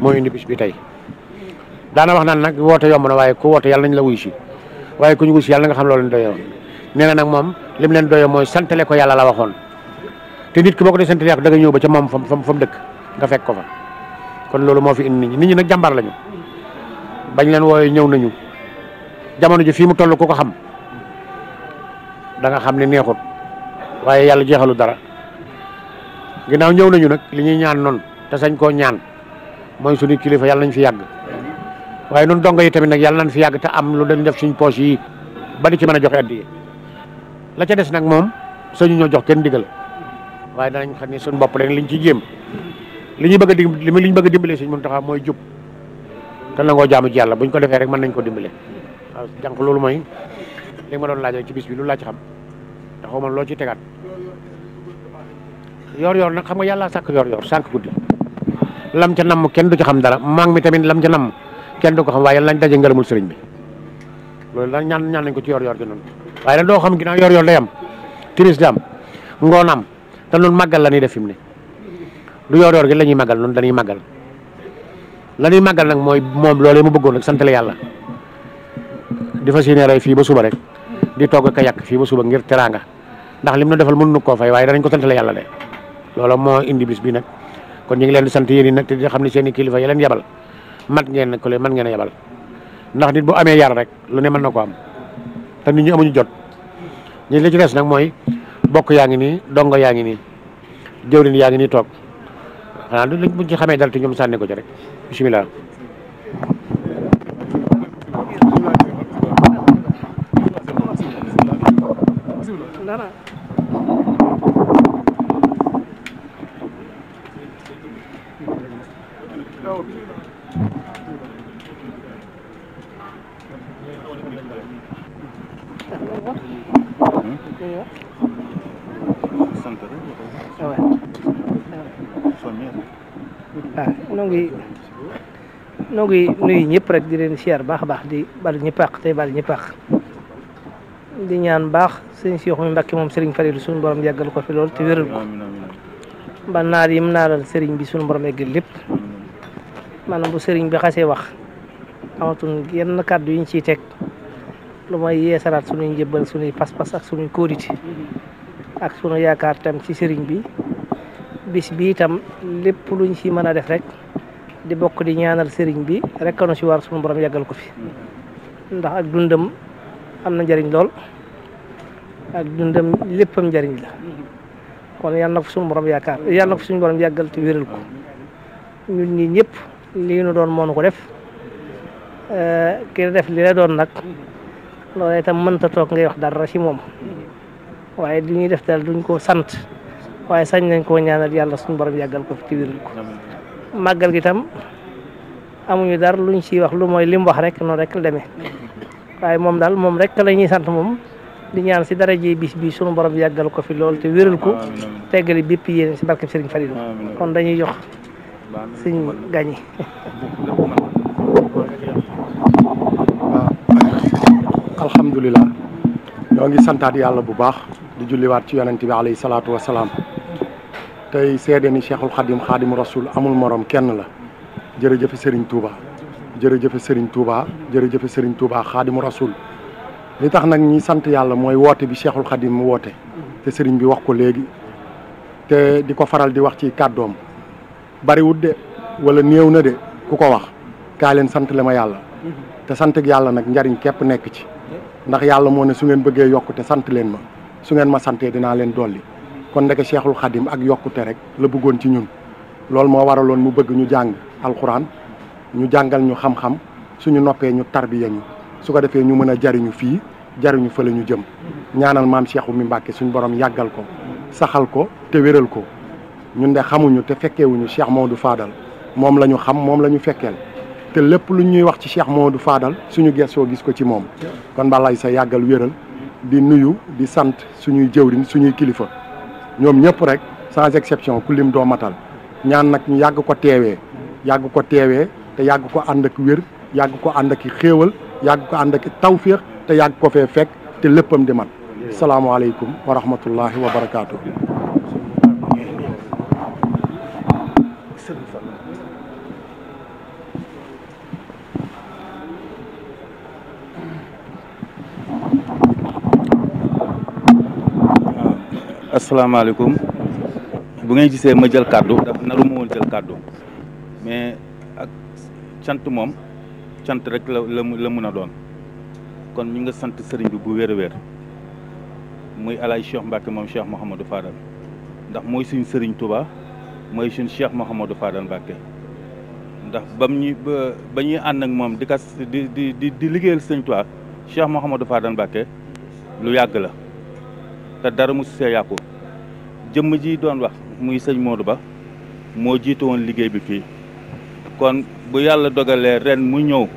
moo indi bis bi tey daana wax naan nag woote yomb na waaye ko woote yàlla nañ la wuy si waaye ko ñu wuy si yàlla nga xam loolu doyoon nee nag moom lim leen doyoo mooy santale ko yàlla la waxoon te nit ki boo ko dee santale ko ñëw ba ca moom fa mu fa mu dëkk nga fekk ko fa kon loolu moo fi indi nit ñi nit ñi nag jàmbaar lañu bañ leen wooyee ñëw nañu jamono ji fii mu toll ko ko xam danga xam ne neexut waaye yàlla jeexalu dara ginnaaw ñëw nañu nag li ñuy ñaan noon te sañ koo ñaan mooy suñu kilifa yàlla nañ fi yàgg waaye noonu dongo yi tamit nag yàlla nañ fi yàgg te am lu dañ def suñ poche yi ba di ci mën a joxe addi la ca des nag moom sañu jox kenn digal waaye danañ xam ne suñ bopp rek liñ ci jéem li ñuy bëgg a dim liñ bëgg a dimbalee suñ mën taxaw mooy jub te nangoo jaamu ci yàlla buñ ko defee rek mën nañ ko dimbale waaw jànq loolu mooy li ma doon laaj rek ci bis bi lu laa ci xam taxaw man loo ci tegaat yoor yor nag xam nga yàlla sàkk yor yor sànq guddi lam ca namm kenn du ca xam dara maa mi tamit lam ca nam kenn du ko xam waaye lañ nañ daje ngërëmul sëriñ bi loolu daal ñaan ñaan nañ ko ci yor yor gi noonu waaye nag doo xam ginnaaw yor-yor day am timis di am ngoon am te noonu màggal la ñuy def fi mu ne du yor-yor gi la ñuy màggal noonu dañuy màggal la ñuy màggal nag mooy moom loolee mu bëggoon rek sant yàlla di fas fii ba suba rek di togg ka yàq fii ba suba ngir teraanga ndax lim na defal mënuñu koo fay waaye danañ ko sant la yàlla de loola moo indi bis bi nag kon ñu ngi leen di sant yéen i nag te xam ne seen i kilifa yi leen yabal mat ngeen ko leen mën ngeen a yabal ndax nit boo amee yar rek lu ne mën na ko am. te nit ñi amuñu jot ñi li ci des nag mooy bokk yaa ngi nii dongo yaa ngi ni jëwlin yaa ngi nii toog xanaa du buñ ci xamee dal te ñoom sànni ko ci rek bisimilah. noo ngi nuyu ñëpp rek di leen siyaar baax a baax di bal ñu pàq bal ñu di ñaan baax sëñ Seexu Mbàkke moom sëriñ Faliilu suñu borom yàggal ko fi lool te wéral ko ba naar yim naaral sëriñ bi suñu borom eggal lépp maanaam bu sëriñ bi xasee wax amatuñ yenn kàddu yuñ ciy teg lu may yeesalaat suñuy njëbbal suñuy pas-pas ak suñuy kóodite ak suñu yaakaar tam ci sëriñ bi bis bi itam lépp luñ ci mën a def rek di bokk di ñaanal sëriñ bi rek kanu ci war suñu borom yàggal ko fi ndax ak dundam am na njëriñ lool ak dundam léppam njëriñ la kon yal na ko suñu borom yaakaar yal na ko suñu borom yàggal te ko ñi ñëpp lii doon moonu ko def eh, ki def li la doon nag loolu itam mënta toog ngay wax dara ci moom waaye li def tal duñ ko sant waaye sañ nañ koo ñaanal yàlla suñu borom yàggal ko fi te wéral màggal gi tam amuñu lu luñ ciy wax lu mooy lim wax rek noonu rek la demee waaye moom daal moom rek la ñuy sant moom di ñaan si dara ji bis bi sunu borom yàggal ko fi lool te wéral ko teggali bépp yéen si barkeb Serigne Falilou kon dañuy jox suñ gàññi. Ah, alhamdulilah ñoo ngi bu baax di julliwaat ci yonent bi alayhi salaatu wa tey seede ni Cheikhul Khadim Khadim Rasoul amul morom kenn la jërëjëfe Serigne Touba jërëjëfe Serigne Touba jërëjëfe Serigne Touba Khadim Rasoul li tax nag ñi sant yàlla mooy woote bi seexul Khadim mu woote te Serigne bi wax ko léegi te di ko faral di wax ci kàddoom bariwut de wala néew na de ku ko wax kaa leen sant le ma yàlla te sant ak yàlla nag njariñ képp nekk ci ndax yàlla moo ne su ngeen bëggee yokk te sant leen ma su ngeen ma santee dinaa leen dolli kon ndeke cheikhul xadim ak yokkute rek la bëggoon ci ñun loolu moo waraloon mu bëgg ñu jàng alxuraan ñu jàngal ñu xam-xam suñu noppee ñu tarbiya ñu su ko defee ñu mën a jariñu fii jariñu fa la ñu jëm ñaanal maam Cheikh Oumy Mbacke suñu borom yàggal ko saxal ko te wéral ko ñu nde xamuñu te fekkeewuñu Cheikh du faadal moom la ñu xam moom la ñu fekkeel te lépp lu ñuy wax ci Cheikh du faadal suñu gëstoo gis ko ci moom kon balay sa yàggal wéral di nuyu di sant suñuy jëwriñ suñuy kilifa ñoom ñëpp rek sans exception ku lim doo matal ñaan nag yàgg ko teewee yàgg ko teewee te yàgg ko ànd ak wér yàgg ko ànd ak xéewal yàgg ko ànd ak tawféex te yàgg ko fee fekk te léppam di mat salaamaaleykum wa rahmatullahi wa barakaatu. asalaamaaleykum bu ngeen gisee ma jël kàddu ndax naru ma woon jël kàddu mais ak cant moom cant rek la la mën a doon kon ñu nga sant sëriñ bi bu wér a wér muy alaay Cheikh Mbacke moom Cheikh Mouhamadou Fadal ndax mooy suñu sëriñ Touba mooy suñu Cheikh Mouhamadou Fadal Mbacke ndax ba ñu ba ñuy ànd ak moom di kas di di di liggéeyal sëriñ Touba Cheikh Mouhamadou Fadal Mbacke lu yàgg la. te dara mu see yàqu jëmm ji doon wax muy sëñ Modou Ba moo jiitu woon liggéey bi fii kon bu yàlla dogalee ren mu ñëw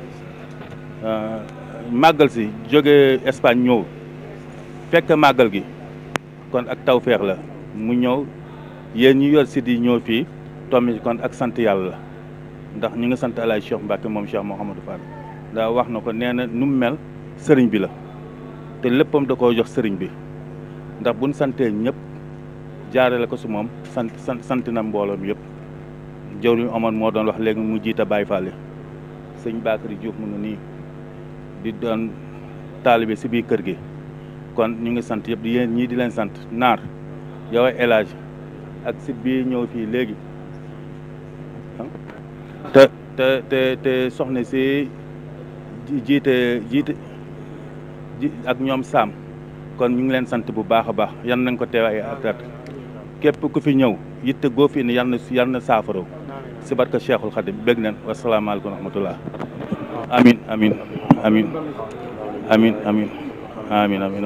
euh, màggal si jóge Espagne ñëw fekk màggal gi kon ak tawféex la mu ñëw yéen ñu yor si di ñëw fii tommi kon ak sant yàlla la ndax ñu ngi sant alaay Cheikh Mbacke moom Cheikh Mouhamadou Fall daa wax na ko nee na nu mu mel sëriñ bi la te léppam da koo jox sëriñ bi ndax buñ santee ñëpp jaarale ko si moom sant sant sant na mbooloo mi yëpp jawriñ Omar moo doon wax léegi mu jiita Baye Fall sëñ Bakary Diouf mu ngi nii di doon taalibe si biir kër gi kon ñu ngi sant yëpp di yéen ñii di leen sant naar yow El ak si biir ñëw fii léegi te te te soxna si jiite jiite ji ak ñoom saam kon ñu ngi leen sant bu baax a baax yan nañ ko teew ay at képp ku fi ñëw yitte goo fi ne yal na yal na saafaro si barka Cheikhul Khadim bég nañ wasalaamaaleykum wa rahmatullah amin amin amin amin amin amin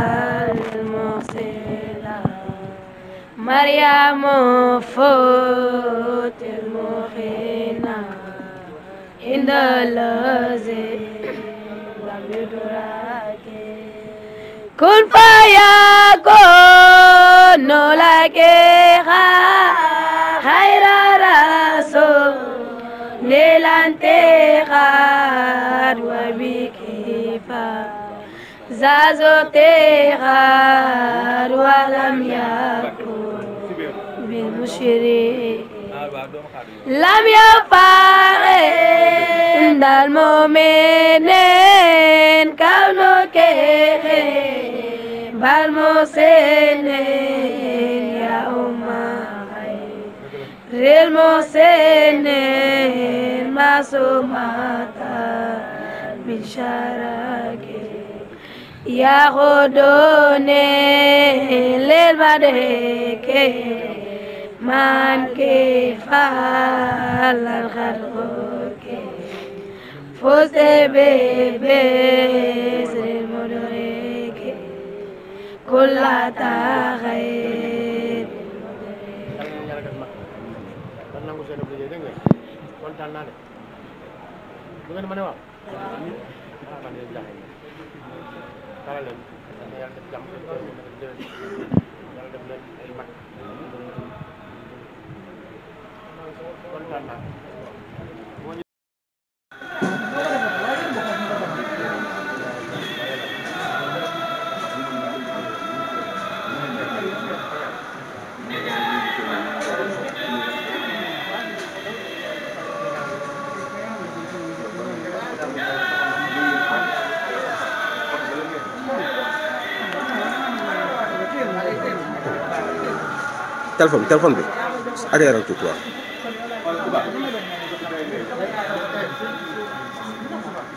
مريم فوت المخينا عند الذي لم يدرك كن فيكون لك خير رسول للانتقاد وبك فزازتها ولم يكن بالبشر لم يفعل عند المؤمنين كونك بالمحسن يا أمة خير المحسن معصومة من شرك يا غدوني للمدكين मान के फाल घर के फोसे बे बे से मोरे के कुलाता गए kontaan naa de lu ngeen mën a wax man de jaaxle dara leen yàlla def jàmm yàlla def leen kontaan naa téléphone téléphone bi adhéré tuuti waaw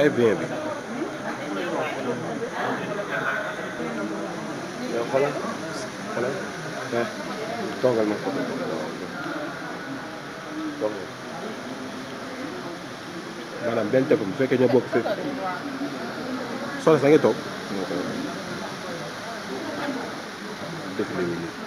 très bien bi. yow xoolal xoolal ah toogal ma ko toogal maanaam benn tëb bu fekkee ñoo bokk fépp soxna sa nga toog. def nañu nii.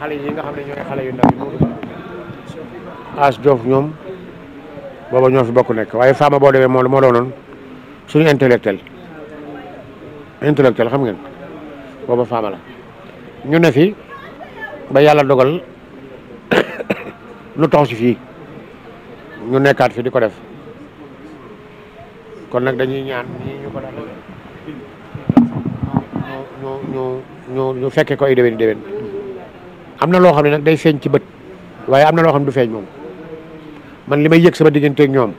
xale yi xale yu ndaw yi as Diouf ñoom booba ñoo fi bokk nekk waaye Fama boo demee moo moo doonoon suñu intellectuel intellectuel xam ngeen booba Fama la ñu ne fi ba yàlla dogal [coughs] lu tax si fii ñu nekkaat fi di ko def kon nag dañuy ñaan ñii ñu ko daan ñu ñu ñu fekkee ko ay déwén déwén am na loo xam ne nag day feeñ ci bët waaye am na loo xam ne du feeñ moom man li may yëg sama digganteeg ñoom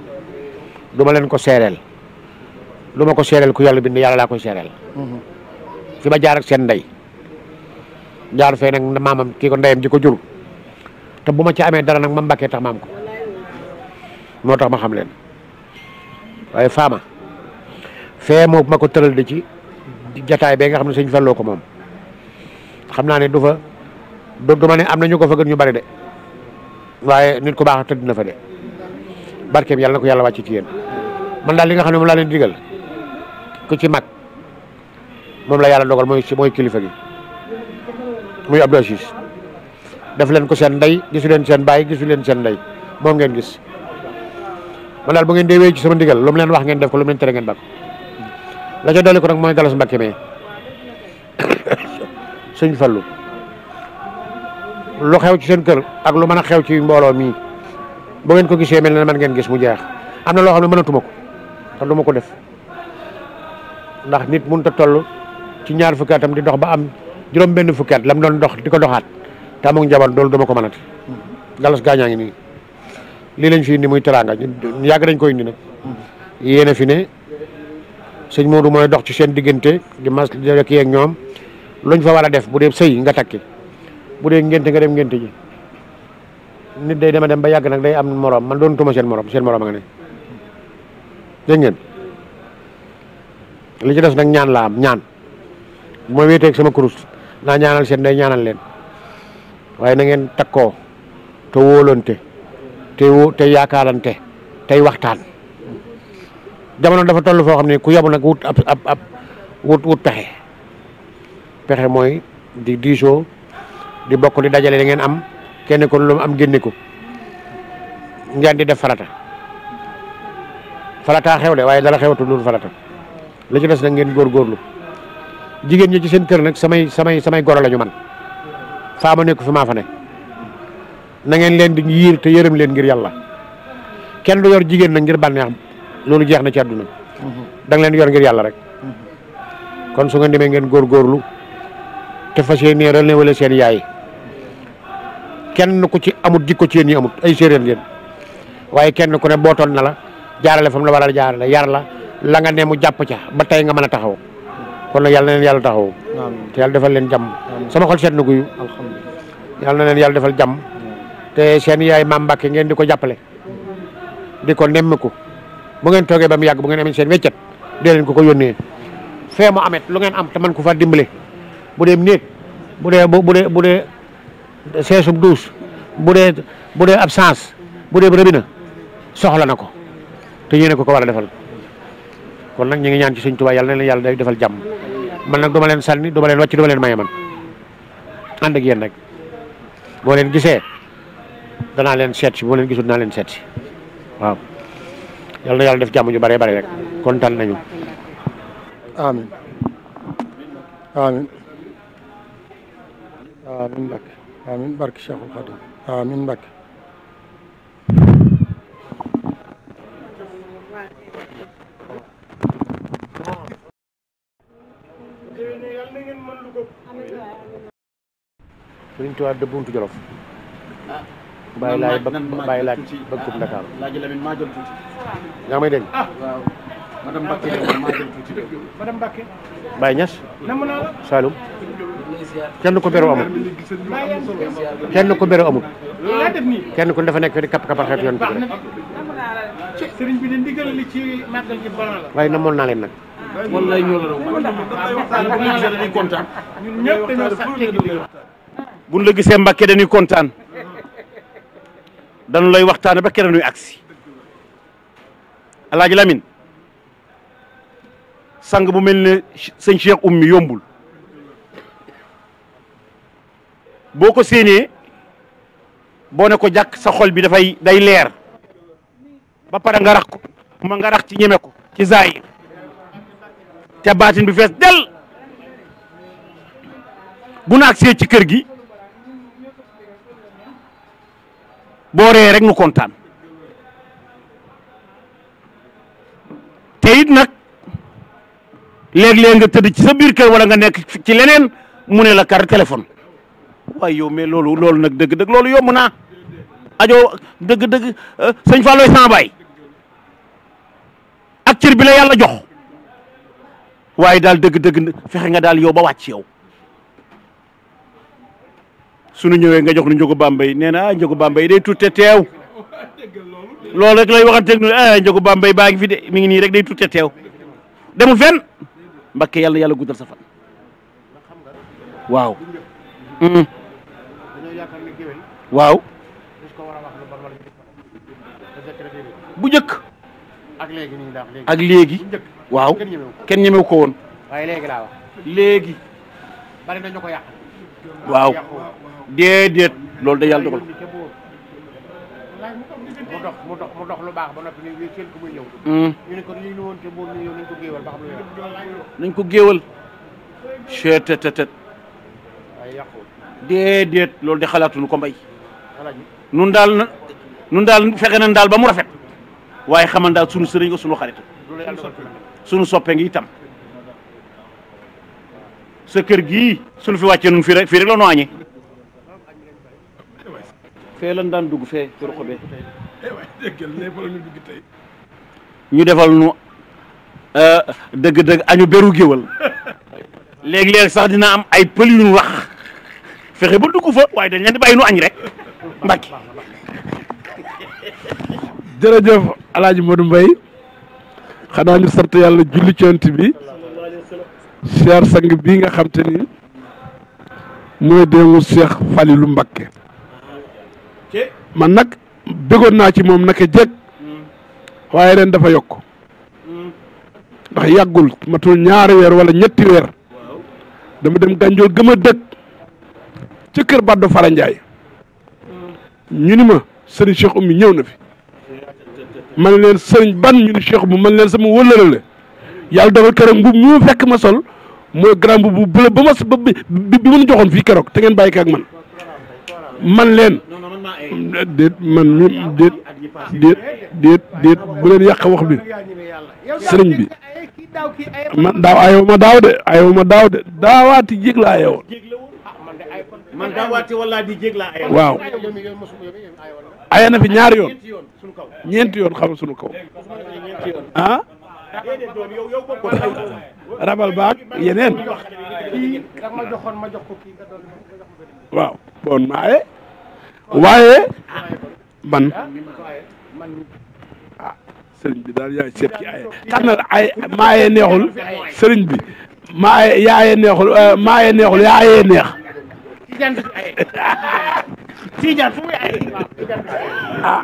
duma leen ko seereel du ma ko seereel ku yàlla bi yàlla laa koy seereel mhm. fi ma jaar ak seen ndey jaar fee nag maamam kii ko ndeyam ji ko jur te bu ma ci amee dara nag man mbàkkee tax ma am ko moo tax ma xam leen waaye faama fee moo ma ko tëral di ci jataay be nga xam ne sëñ Falloo ko moom xam naa ne du fa du du ma ne am na ñu ko fa gën ñu bari de waaye nit ku baax tëdd na fa de barkeem yàlla na ko yàlla wàcc ci yéen man daal li nga xam ne moom laa leen digal ku ci mag moom la yàlla dogal mooy mooy kilifa gi muy Abdou Aziz def leen ko seen ndey gisu leen seen baay gisu leen seen ndey moom ngeen gis man daal bu ngeen dee wéy ci sama ndigal lu mu leen wax ngeen def ko lu mu leen tere ngeen bàkk la ca dolli ko nag mooy galas Mbàkke mee [coughs] sëñ Fallu lu xew ci seen kër ak lu man a xew ci mbooloo mii boo ngeen ko gisee mel na man ngeen gis mu jeex am na loo xam ne mënatuma ko te du ma ko def ndax nit mënut a toll ci ñaar fukki atam di dox ba am juróom benn fukki at la doon dox di ko doxaat te amul njaboot loolu du ma ko mënati galas gaañaa ngi nii lii lañ fi indi muy teraanga ñu yàgg dañ koy indi nag yéen fi ne sëñ Modou mooy dox ci seen diggante di mas rek yeeg ñoom luñ fa war a def bu dee sëy nga takki bu dee ngénte nga dem ngénte ji nit day dema dem ba yàgg nag day am morom man doon tuma seen morom seen morom a nga ne dégg li ci def nag ñaan la am ñaan mooy wéeteeg sama kurus naa ñaanal seen day ñaanal leen waaye na ngeen takkoo te wóolante te wó te yaakaarante tey waxtaan jamono dafa toll foo xam ne ku yabu nag wut ab ab ab wut pexe pexe mooy di diisoo di bokk di dajale da ngeen am kenn kon lu mu am génne ko ngeen di def falata farataa xew de waaye dala xewatu loolu farata li ci des nag ngeen góor góorlu jigéen ñi ci seen kër nag samay samay samay goro lañu ñu man faa ma nekk fi maa fa ne na ngeen leen di yiir te yërëm leen ngir yàlla kenn du yor jigéen nag ngir bànneex loolu jeex na ci àdduna mhm. danga leen yor ngir yàlla rek mhm. kon su ngeen demee ngeen góor góorlu te fas yéenee ral ne wala seen yaay kenn ku ci amut jikko ci yéen ñi amut ay séeréer ngeen waaye kenn ku ne bootoon na la jaarale fam na war a jaarale yar la la nga ne mu jàpp ca ba tey nga mën a taxaw kon nag yàlla na leen yàlla taxaw te yàlla defal leen jàmm sama xol seet na guyu yàlla na leen yàlla defal jàmm te seen yaay maam Mbàkke ngeen di ko jàppale di ko nemmiku bu ngeen toogee ba mu yàgg bu ngeen amee seen weccet dee leen ko ko yonnee fee mu amet lu ngeen am te man ko faa dimbale bu dee néeg bu dee bu dee bu dee seesub douche bu dee bu dee absence bu dee rëbina soxla na ko te yéene ko ko war a defal kon nag ñu ngi ñaan ci Sëñ Tuubaa yàlla na leen yàlla defal jàmm man nag duma leen sànni duma leen wàcc duma leen maye man ànd ak yéen nag boo leen gisee danaa leen seet si boo leen gisul danaa leen seet si yal na yàlla def jàmm ju bare bare rek kontaan nañu amin amin amin Mbacke amin barke Cheikhul Khadim amin Mbacke Sëriñ Tuubaa de buntu Jolof ah. bàyyi laay ba bàyyi ah, laaj bëgg Ndakaar laaji Lamine maa jël tuuti yaa may ah, kenn ko beru amul kenn ko beru amul kenn ku dafa nekk fi di kap xeet yoon bi waaye namoon naa leen nag wallaay ñoo la raw buñ kontaan dañu lay waxtaane ba keroog ñuy agsi alaaji Lamine sang bu mel ne sëñ Cheikh Oumy yombul boo ko séenee boo ne ko jàkk sa xol bi dafay day leer ba pare nga ko ma nga rax ci ñeme ko ci zaayir te baatin bi fees del bu na agsee ci kër gi boo ree rek nu kontaan te it nag léeg-léeg nga tëdd ci sa biir kër wala nga nekk ci leneen mu ne la carte téléphone waaye yow mais loolu loolu nag dëgg-dëgg loolu yomb naa ajoo dëgg-dëgg euh, sëñ Fallooy sama baay ak cër bi la yàlla jox waaye daal dëgg-dëgg fexe nga daal yow ba wàcc yow su nu ñëwee nga jox nu njëgu Bambey nee na ah njëgu Bambey day tuute teew loolu rek lay waxanteeg nu ah njëgu Bambey baa ngi fi de mi ngi nii rek day tuute teew demul fenn Mbakke yàlla yàlla guddal sa fan waaw. Mm-hmm. waaw. bu njëkk. ak léegi ak léegi. waaw kenn ñemewu ko woon. waaye léegi laa léegi. bari nañu ko yàq. waaw. déedéet loolu da yàlla dogal mu dox dox lu baax ba noppi ñu seen ku muy hmm. nañ ko géewal ba xam lu nañ loolu de xalaatuñu ko mbay nun daal na nun daal fexe nañ daal ba mu rafet waaye xaman daal sunu sëriñ nga sunu xarit sunu soppe ngi itam sëkër kër gii sunu fi wàccee nun fii rek fii la nooñee fee lan daan dugg fee ci ruq ñu defal nu euh, dëgg-dëgg añu beru géwal léeg-léeg sax dina am ay pël yu ñu wax fexe ba dugg fa waaye dañ leen di bàyyi nu añ rek mbàkki jërëjëf alaaji Modou Mbaye xanaa ñu sant yàlla julli cont bi cheikh sang bii nga xam te ni mooy déemu cheikh Falilou Mbacké man nag bëggoon naa ci moom naka jekk mm. waaye ren dafa yokk mm. ndax yàggul matul ñaari weer wala ñetti weer dama dem gànjool gëm a dëkk ci kër Baddo Fara Ndiaye mm. ñu ni ma sëriñ Cheikh Oumy ñëw na fi man leen sëriñ ban ñu ni Cheikh man leen sama wëllëla la yàlla dogal keroog mbubb mu fekk ma sol mooy grand mbubb bu la ba ma bi bi mu joxoon fii keroog te ngeen bàyyi ko man man leen déet man mi déet déet déet déet bu leen yàq wax bi sëriñ bi man daaw ayoo ma daaw de ayoo ma daaw de daawaati jéeg la ayoo man daawaati wala di jéeg la ayoo waaw aya na fi ñaar yoon ñeenti yoon xam suñu kaw ah rabal baag yeneen waaw bon maaye waaye ban ah bi daal yaay seet ki neexul sëriñ bi maaye yaaye neexul eh, maaye neexul yaaye neex Tiijaan fu muy ah.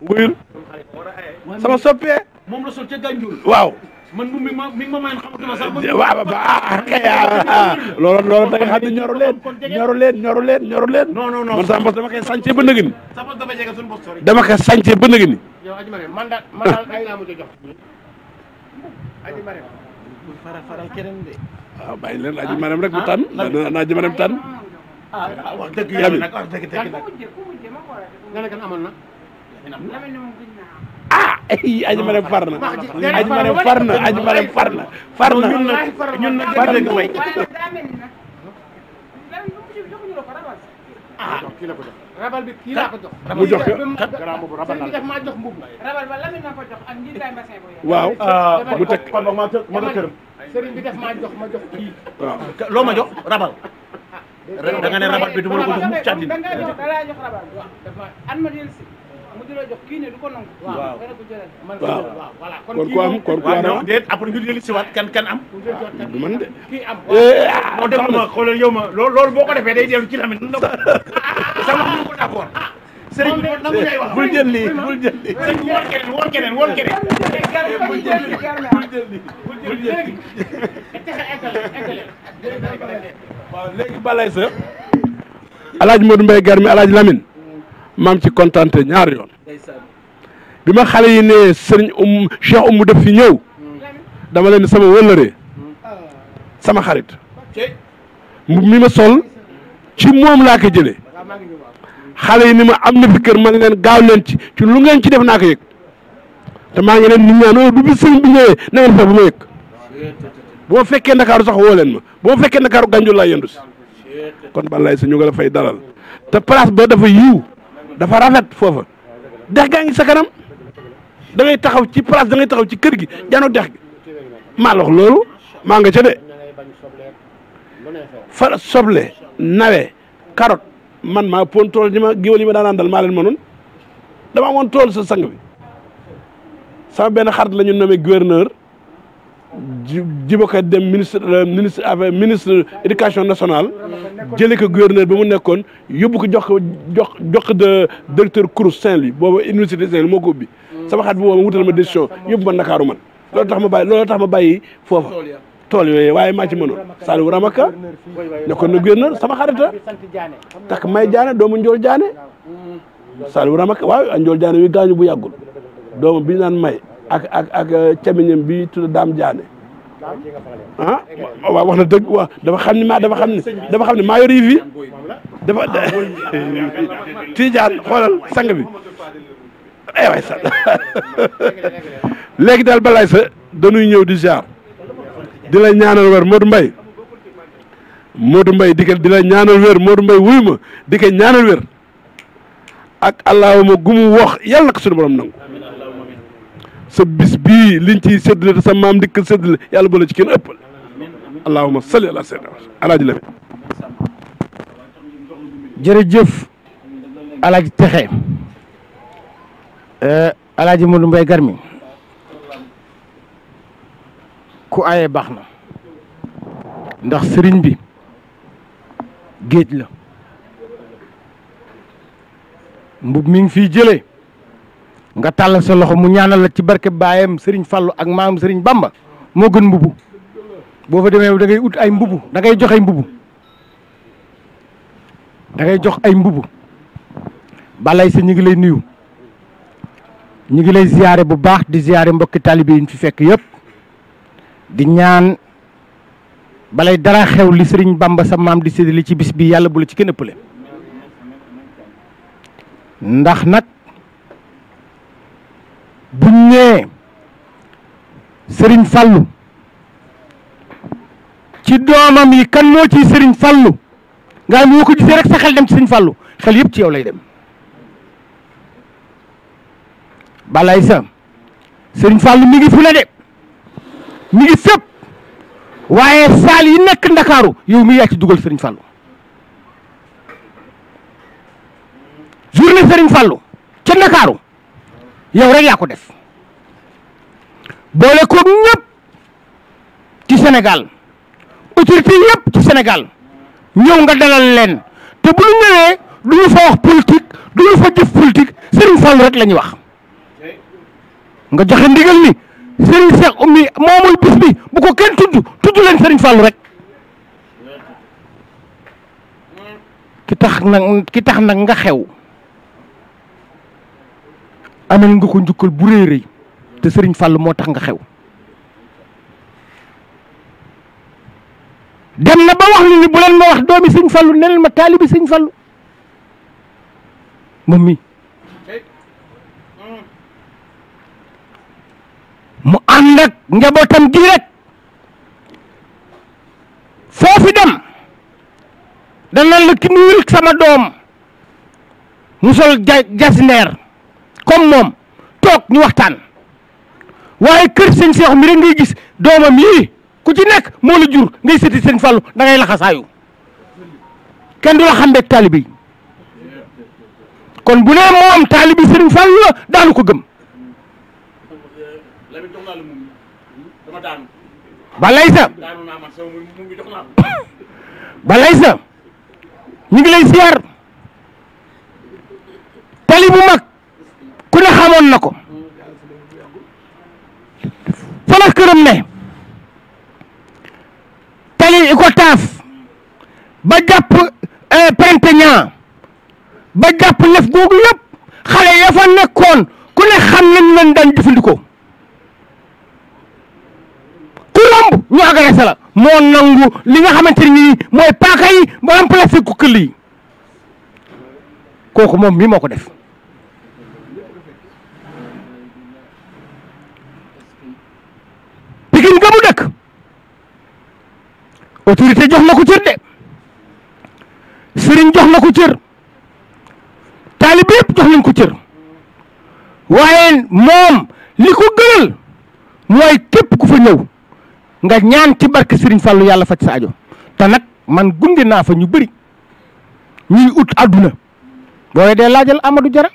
wuyul ah, sama soppee moom la sol ca waaw man mi ma mi ma mayoon xamatuma sax. [laughs] waaw ah kay ah, ah, ah. xam ne ñoru leen ñoru leen ñoru man sama dama koy sàncee ba nëgën. sa bopp dama koy sàncee ba nëgën. yow Adji a jox. rek bu tànn na Adji Marème tànn. ah [laughs] aji ma ne far na aji ma ne far na aji ma ne far na far na ñun nag ñun nag far nañu way ah rabal bi kii jox mu jox ko rabal maa jox mbubb na ko waaw mu ah, teg kon ma ma na këram sëriñ bi def ma jox loo ma jox rabal ah, da nga ne rabal bi du ma la ko jox mu waaw waaw kon ku am kon ku am waaw déet après nga jëli si waat kan kan am. du man de. moo eh, eh, ah, def ma xoolal yow ma loolu boo ko defee day dellu ci tamit. [laughs] sama ñu ko d'accord. sëriñ bi nangu ñay wax bul jël lii bul jël lii. sëriñ bi woon keneen woon keneen woon keneen. bul jël lii bul jël lii. waaw léegi balay sa. El Hadj Modou Mbaye Garmi El Hadj Lamine. maam ci kontaante ñaari yoon bi ma xale yi ne sëriñ um cheikh mu def fi ñëw dama leen sama wëllëree sama xarit mbubb mi ma sol ci moom laa ko jëlee xale yi ni ma am na fi kër ma ngi leen gaaw leen ci ci lu ngeen ci def naa ko yëg te maa ngi leen nit ñaan bu oh, bi sëriñ bi ñëwee na ngeen fex bu ma yëg bu ma fekkee ndakaaru sax woo leen ma bu ma fekkee ndakaaru gànjul laa yendu si kon balay sa ñu nga la fay dalal te place ba dafa yiw dafa rafet foofa dex gaa ngi sa kanam da taxaw ci place da taxaw ci kër gi jano dex gi loolu maa nga ca de fa soble nawe karot man maa pon tool ñi ma géwal yi ma daan àndal maa leen mënoon dama amoon tool sa sang bi sama benn xarit lañu ñu nommé gouverneur jibaka dem ministre euh, ministre affaire euh, ministre éducation national jëlee ko gouverneur bi mu nekkoon yóbbu ko jox ko jox jox ko directeur Crous Saint-Louis boobu université Saint-Louis moo ko ubbi. sama xaat woo boobu wutal ma décision yóbbu ma Ndakaaru man loolu tax ma bàyyi loolu tax ma bàyyi foofa tool yooyu waaye maa ci mënoon Saliou Ramaka nekkoon na gouverneur sama xarita takk may jaane doomu njool jaane Saliou Ramaka waaw njool jaane wi gaañu bu yàggul doomu bi ñu naan may. ak ak ak euh, camiñam bi tudd Dame Diané ah wax na dëgg dafa xam ni maa dafa xam ne dafa xam ne maa yor yi fii dafa Tidiane xoolal sang bi eh [laughs] daal balaay sa dañuy ñëw di ziar di la ñaanal wér Modou Mbaye Modou Mbaye di ko di la ñaanal wér Modou Mbaye wuyu ma ñaanal wér ak allahuma gumu wax yàlla na borom nangu sa bis bii liñ ciy séddale sa maam dikk séddale yàlla boole ci kenn ëppal allahuma salli ala sayyidina alaaji Lamin jërëjëf alaaji texe eh, alaaji Modou Mbaye Garmi ku aye baax na ndax sëriñ bi géej la mbub mi ngi fii jëlee nga tàllal sa loxo mu ñaanal la ci barke baayam Serigne Fallou ak maam Serigne Bamba moo gën mbubu boo fa demee dangay ngay ut ay mbubu dangay ngay jox ay mbubu da jox ay mbubu balay sa ñu ngi lay nuyu ñu ngi lay ziyaare bu baax di ziyaare mbokki taalibe yi ñu fi fekk yëpp di ñaan balay dara xew li sëriñ Bamba sa maam di li ci bis bi yàlla bu la ci kenn ëppale ndax nag buñ nee sëriñ Fallou ci doomam yi kan moo ci sëriñ Fallou nga moo ko gisee rek sa xel dem ci sëriñ Fallou xel yëpp ci yow lay dem balay sa sëriñ Fallou mi ngi fu de mi ngi fépp waaye saal yi nekk ndakaaru yow mi yaa ci dugal sëriñ Fallou journée sëriñ Fallou ca ndakaaru yow rek yaa ko def boole koog ñëpp ci Sénégal autorité yëpp ci Sénégal ñëw nga dalal leen te bu ñu ñëwee du ñu fa wax politique du ñu fa jëf politique Serigne Fallou rek la ñuy wax nga joxe ndigal ni Serigne Cheikh Oumy moomul bis bi bu ko kenn tudd tudd leen Serigne Fallou rek ki tax nag ki nga xew. amal nga ko njukkal bu rëy te sëriñ Fall moo tax nga xew dem na ba wax ni bu leen ma wax doomi sëñ Fallu ne leen ma taalibi sëñ Fallu moom mi mu ànd ak njabootam gi rek foofu dem danañ la ki nuyu sama doom mu sol ja jasneer comme moom toog ñu waxtaan waaye kër sëñ Seex mi rek ngay gis doomam yii ku ci nekk moo la jur ngay sëti sëñ Fallu da ngay laxasaayu kenn du la xam beeg kon bu nee moom taalibe sëriñ Fallu la daanu ko gëm balay sa balay sa ñu ngi lay siyaar tali mag ku ne xamoon na ko fana këram ne tali Icotaf ba jàpp eh, Printemps ba jàpp lef googu yëpp xale ya fa nekkoon ku ne xam nañ leen daan jëfandikoo ku romb ñu agressé la moo nangu li nga xamante ni mooy paaka yi ba remplacé ku këll yi kooku moom mii moo ko def Pikine ga mu dëkk autorité jox na ko cër de sëriñ jox na ko cër taalib yëpp jox nañ ko cër waaye moom li ko gënal mooy képp ku fa ñëw nga ñaan ci barke sëriñ Fallou yàlla faj sa ajo te nag man gunge naa fa ñu bëri ñuy ut àdduna booy dee laajal Amadou Diarra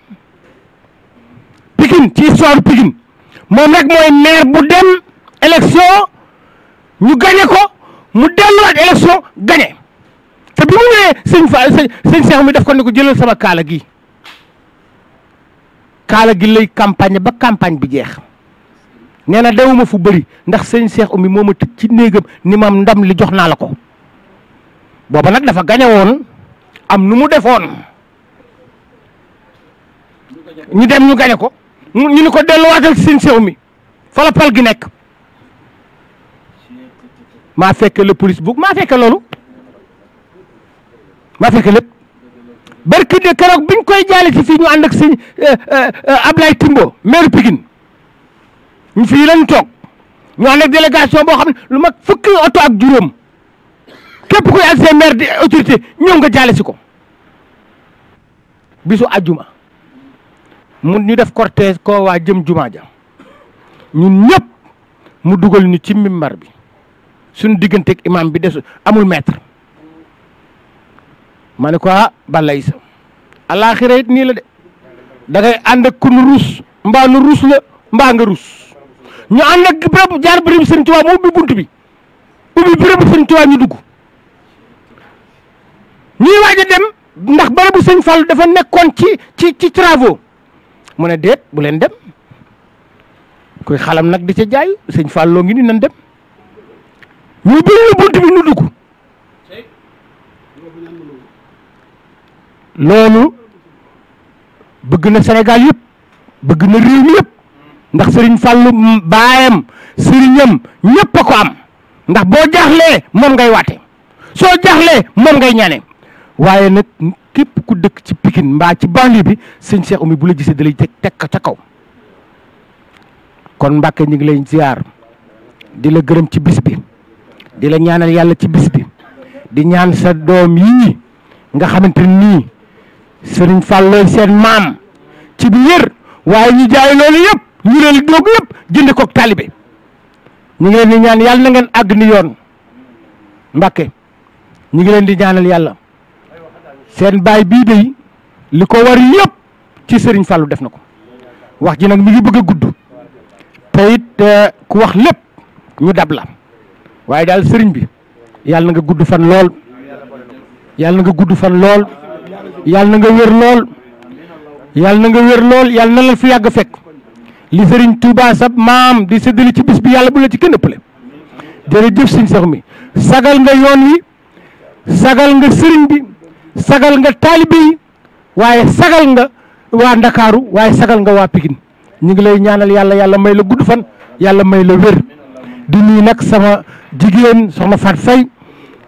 Pikine ci histoire Pikine moom rek mooy maire bu dem élection ñu gagné ko mu delluwaat élection gagné te bi mu ñëwee sëñ fa sëñ seex mi daf ko ne ko jëlal sama kaala gi kaala gi lay campagne ba campagne bi jeex nee na dewuma fu bari ndax sëñ seex umi moo ma ci néegam ni mam ndam li jox naa la ko booba nag dafa gañe am nu mu defoon ñu dem ñu gañe ko ñu ni ko delluwaatal sëñ seex umi fa pal gi nekk maa fekk le police book maa fekk loolu maa fekk lépp barki de keroog biñ koy jaale si fii ñu ànd ak sëñ euh, euh, euh, Ablaye Timbo maire Pikine ñu fii lañ toog ñu ànd ak délégation boo xam ne lu mag fukki oto ak juróom képp koy ak seen di autorité ñëw nga jaale si ko bisu ajjuma mu ñu def cortège koo waa jëm jumaa ja ñun ñëpp mu dugal ñu ci mimbar bi suñu digganteeg imam bi des amul maître ma ne ko ah, balay sa alaaxira it nii la de da ngay ànd ak ku nu ruus mbaa nu ruus la mbaa nga ruus ñu ànd ak béréb jaar béréb sëriñ bunt bi ubbi béréb sëriñ Tuubaa ñu dugg ñuy ndax barabu sëñ Fall dafa nekkoon ci ci ci travaux mu ne déet bu leen dem kuy xalam nag di ca jaay sëñ Fall loo ngi ni nan dem ñu bëri la bunt bi ñu dugg loolu bëgg na Sénégal yëpp bëgg na réew mi ndax sëriñ Fallou baayam sëriñam ñëpp ko am ndax boo jaaxlee moom ngay waate soo jaaxlee moom ngay ñaane waaye nag képp ku dëkk ci pikin mbaa ci banlieue bi sëñ Cheikh Oumy bu la gisee dalay teg teg ca kaw kon Mbàkke ñu ngi lay ziar di la gërëm ci bis bi di la ñaanal yàlla ci bis bi di ñaan sa doom yii nga xamante nii sëriñ Fallooy seen maam ci bi yër waaye ñu jaay loolu yëpp ñu leen ñu di ñaan yàlla na ngeen àgg ni yoon Mbàkke ñu ngi leen di ñaanal yàlla seen baay bii day li ko war yëpp ci sëriñ Fallou def na ko wax ji nag mi ngi bëgg a gudd te eh, ku wax lépp ñu dab la waaye daal sëriñ bi yàlla nga gudd fan lool yàlla nga gudd fan lool yàlla na nga wér lool yàlla na nga wér lool yàlla na la fi yàgg fekk li sëriñ Touba sab maam di séddale ci bis bi yàlla bu la ci kenn ëppale jërëjëf sëñ Cheikh mi sagal nga yoon wi sagal nga sëriñ bi sagal nga taalibe waaye sagal nga waa Ndakaaru waaye sagal nga waa Pikine ñu ngi lay ñaanal yàlla yàlla may la gudd fan yàlla may la wér di nuyu nag sama jigéen soxna Fatou Faye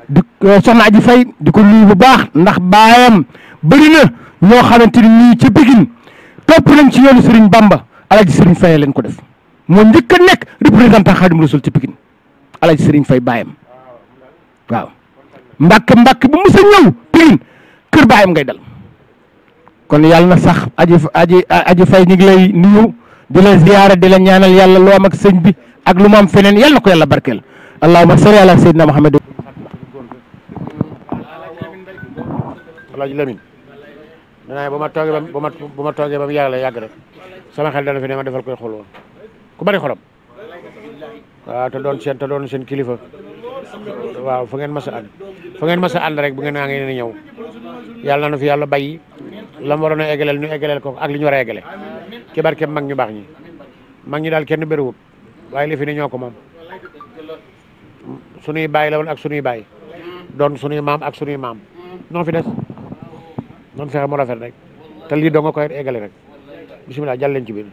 di euh, soxna Aji Faye di ko nuyu bu baax ndax baayam bëri na ñoo xamante ni nii ci Pikine topp nañ ci yoonu Serigne Bamba Alaaji Serigne Faye leen ko def moo njëkk nekk représentant Xaadimu Rasuul ci Pikine Alaaji Serigne fay baayam waaw mbàkk mbàkk bu mos ñëw Pikine kër baayam ngay dal kon yàlla na sax aji aji aji Faye ñu ngi lay nuyu di la ziyaara di la ñaanal yàlla loo am ak sëñ bi ak lu mu am feneen yal na ko yàlla barkeel allahumma salli ala sayyidina muhammad alaaji lamin danaa ma toogee ba ma ba ma toogee ba mu yàgg la yàgg rek sama xel dana fi ma defal koy xol ku bari xolam waaw te doon seen te seen kilifa waaw fu ngeen mas a ànd ngeen mas a ànd rek bu ngeen naa ngeen ne ñëw yàlla na nu fi yàlla bàyyi la mu waroon a eggaleel ñu eggaleel ko ak li ñu war a eggale ci barke mag ñu baax ñi mag ñi daal kenn bëriwut waaye li fi ñoo ko moom sunuy baay la woon ak sunuy baay doon sunuy maam ak sunuy maam noo fi des noonu fexe mu rafet rek te lii koy eggale rek bisimilah jàll leen ci biir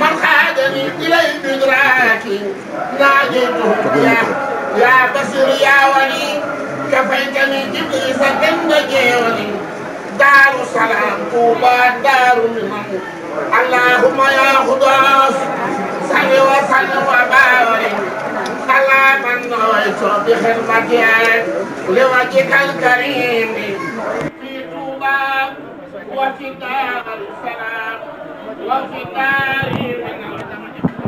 man xaajani ilay bidraaki naajeytu yaa basir yaa wali kafaytani jiblisa dem nga jeewali daaru salaam tuuba daaru liman اللهم يا قدوس صل وسلم وبارك على من نويت بخدمتك لوجهك الكريم في طوبى وفي دار السلام وفي دار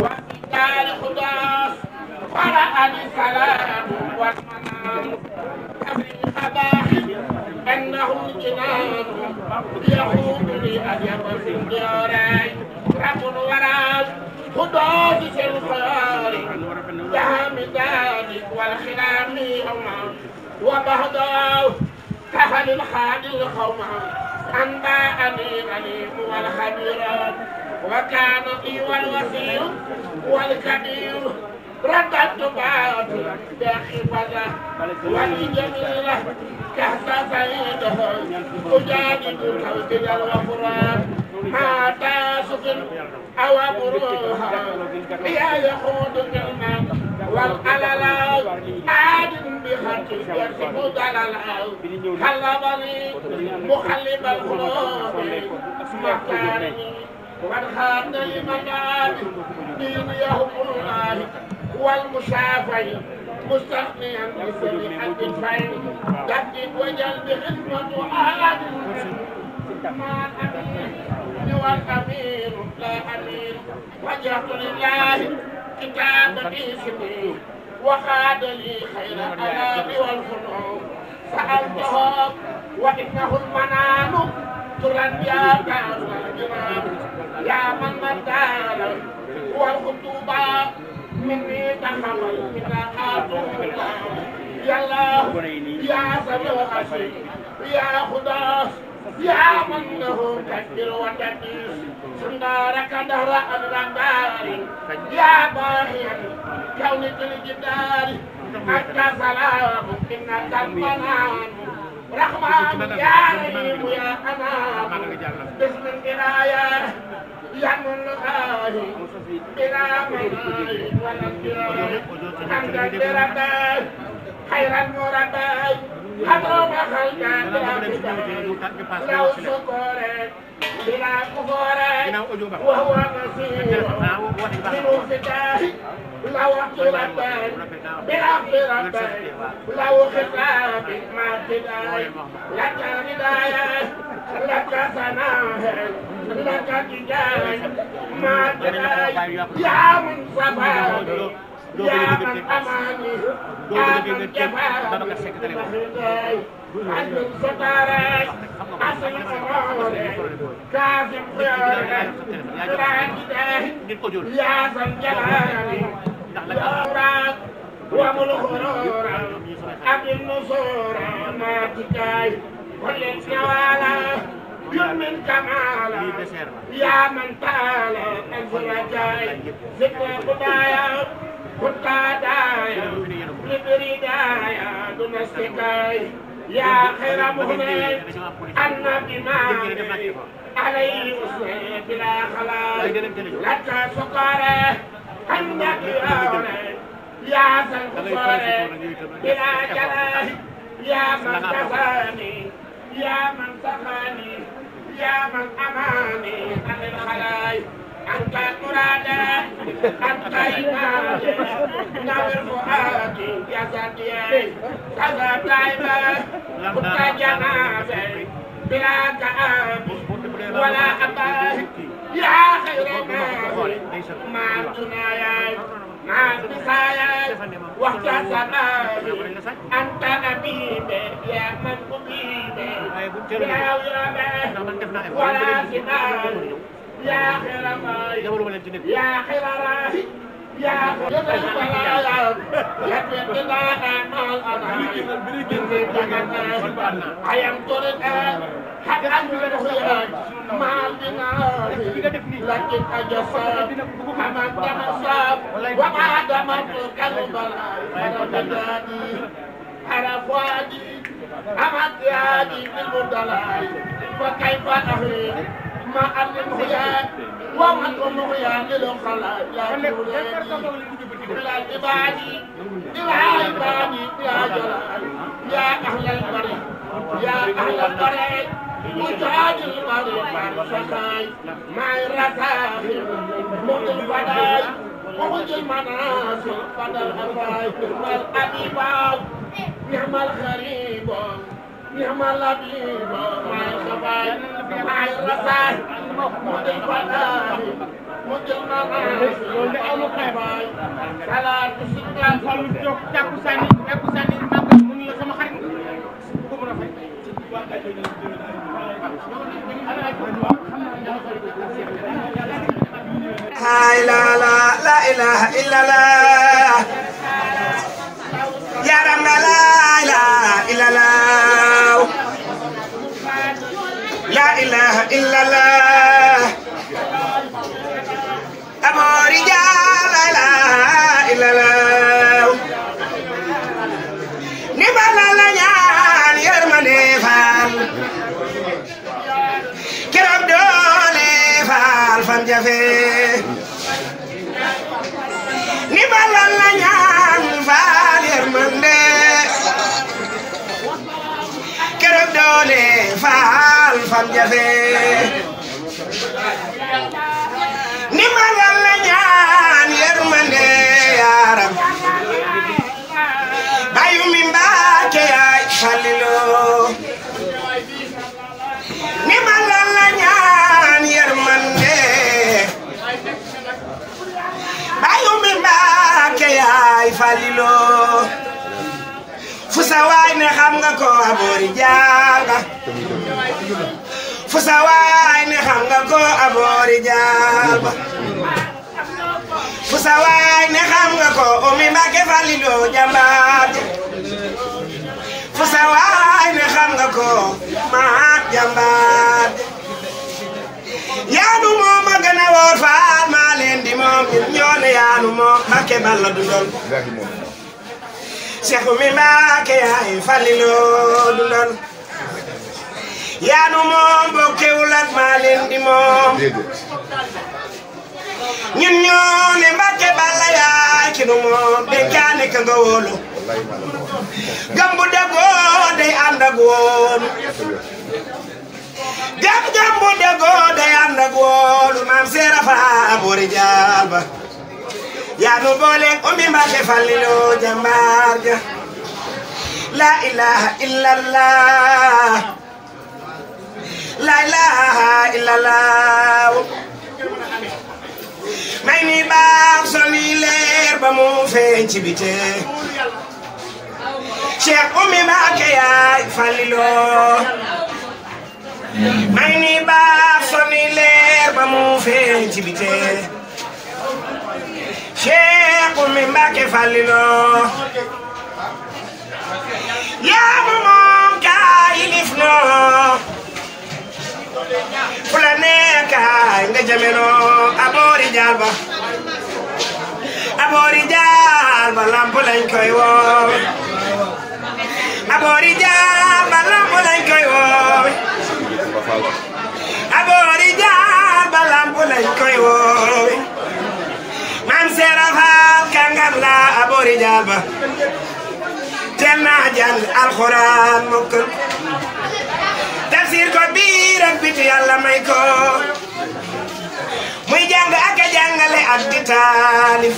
وفي دار قدوس فرأ السلام والمنام كفي الخباح أنه الجنان يخوض لأجب في الدارين رب وراج خدود في الخيار دام ذلك والخلام يوما وبهداه كفل الخالد الخوما أنباءني العليم والخبير وكان إي والوسيم والكبير رددت بعد بخبلة والجميلة تحت سيده أجانب قلبي الغفران ما تاسف أو أبروها يا يخوض بالمن والقلل عاد بخط يرسم دلل خلبني مخلب القلوب مختارني وانخاني مدامي دين يهب الله والمسافر مستثنيا بسبيحة الفيل تكتب وجل بحكمة أهل مع الأمير والأمير لا أمير وجهت لله كتابتي سبيل وخاد لي خير الألام والفنون سألتهم وإنه المنام ترجى كاس الجنان يا من مدار والخطوبة min mi tànnalal minaa aatu yàlla yaa saboo asi yaa xudaas yaa man lahu takbir wa takbir sundaaraka dahra an randaari yaa baahiyan kawni til jidaari akka salaamu innaka almanaamu rahmaanu yaa rahiimu yaa anaamu bismin ilaaya بلا من ونسير حمدا بربا خير المربى حضر بخلدا لو شكرت بلا كفار وهو بصير بالانفتاح لو اقترب بالعبد ربي لو خطاب ما ابتداي لك هدايا لك سناهل لك تجاي ما ابتداي يا منصفى doo ko defee gerte doo ko defee gerte dana ko sekk dalee ko. ngir ko jël ndax la وابل غرورا أبل نصورا ما تكاي كل الجوالا يؤمن كمالا يا من تعالى أنزل جاي ذكر قضايا قدايا لبريدايا دون استكاي يا خير مهند أنا بما عليه أسوه بلا خلاص لك سكارة عندك يا يا سنخسارة بلا جلاله يا من كفاني يا من سخاني يا من أماني عن الخلايا أنت مرادا أنت إمامي نور فؤادي يا زكي كذا دائما كنت جنابي بلا كأب ولا أبا يا خير ما ما تنايا ما بسايا وحد سماي أنت أبيبي يا من أبيبي لا يرابي ولا كناي yaa xira maay yaa xira raay yaa xira maay لكن بلاها مع الأنعام أيام طرقها حقا للخيرات مع البناء لكن أجساد كما تمساب وبعد ما تكلم الأيام حرف وادي أمد يادي بالمدلاء وكيف أهيد معلم خيان ومعلم خيان للخلاء يا جولاني بلا الإباني إلها إباني يا جلال يا أهل البريد يا أهل البريد مجهد البريد مع الشكاي مع الرسائل مؤمن الفداي وخذ المناصب فدى الأفاي نعم الأبيباو نعم الخريبو نعم الأبيب ما يصبر مع المساج مد الفتاة مد المعاش صلاة السنة صلاة الجوك تاكو ساني تاكو ساني مكة من يوم سما خارج كبر في هاي لا لا لا إله إلا الله يا رب لا إله إلا الله إله إلا الله أبو رجال لا إله إلا الله نبال لا نيان يرمني فان كرب دولي فان فان جفي نبال لا نيان فان يرمني borom doole faal fam jafe ndimbalal la ñaan yërmande yaaram bayu mi mbaake yaay falilu ndimbalal la ñaan yërmande bayu mi mbaake yaay falilu fu sa waay ne xam nga ko aboori jaaga fu sa waay ne xam nga ko aboori jaaga fu sa waay fu sa waay ne xam nga ko maa jàmbaar yaanu moom ma gën a woor faal maa leen di moom ñoo ne yaanu moom Mbacké balla du doon Cheikh mi Mbàkke yaay Falilu dundoon yaa nu moom bokkewul ak maa leen moom ñun ñoo ne Mbàkke Balla yaay ci nu moom dénkaane ka nga wóolu gambu dagoo day ànd ak gambu dagoo day ànd ak maam seera faa boori jaal yaa nu booleeg ummi Mbàkke Fallilu jàmbaar ja la la ilaha illallah may ni baax leer ba mu feeñ ci Cheikh Oumy Mbacké Fallilo yaa mu moom kaa yilif noo fu la nekk nga jëme noo aboori jaal ba aboori jaal ba lamp lañ koy woo aboori jaal ba lamp lañ koy woo aboori jaal ba lamp lañ koy woo maam seera faal kàngam la aboori jaal ba teel naa jàng alxuraan mokkal tafsir ko biir ak biti may ko muy jàng ak a jàngale di taalif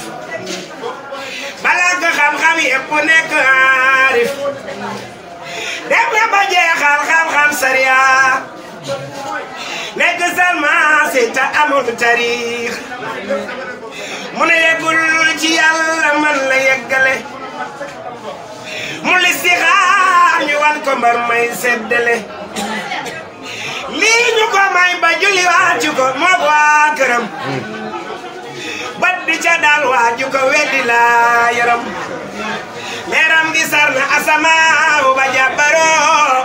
balaa nga xam-xam yëpp nekk aarif dem na ba jeexal xam-xam sariya nekk salmaasi te amul tariix mu ne yeggul ci yàlla man la yeggale mu listixaar ñu wan ko mbar may seddale lii ñu ko may ba julli waaju ko moo waa këram bat bi ca daal waaju ko weddi laa yaram leeram gi na asamaaw ba jàbbaroo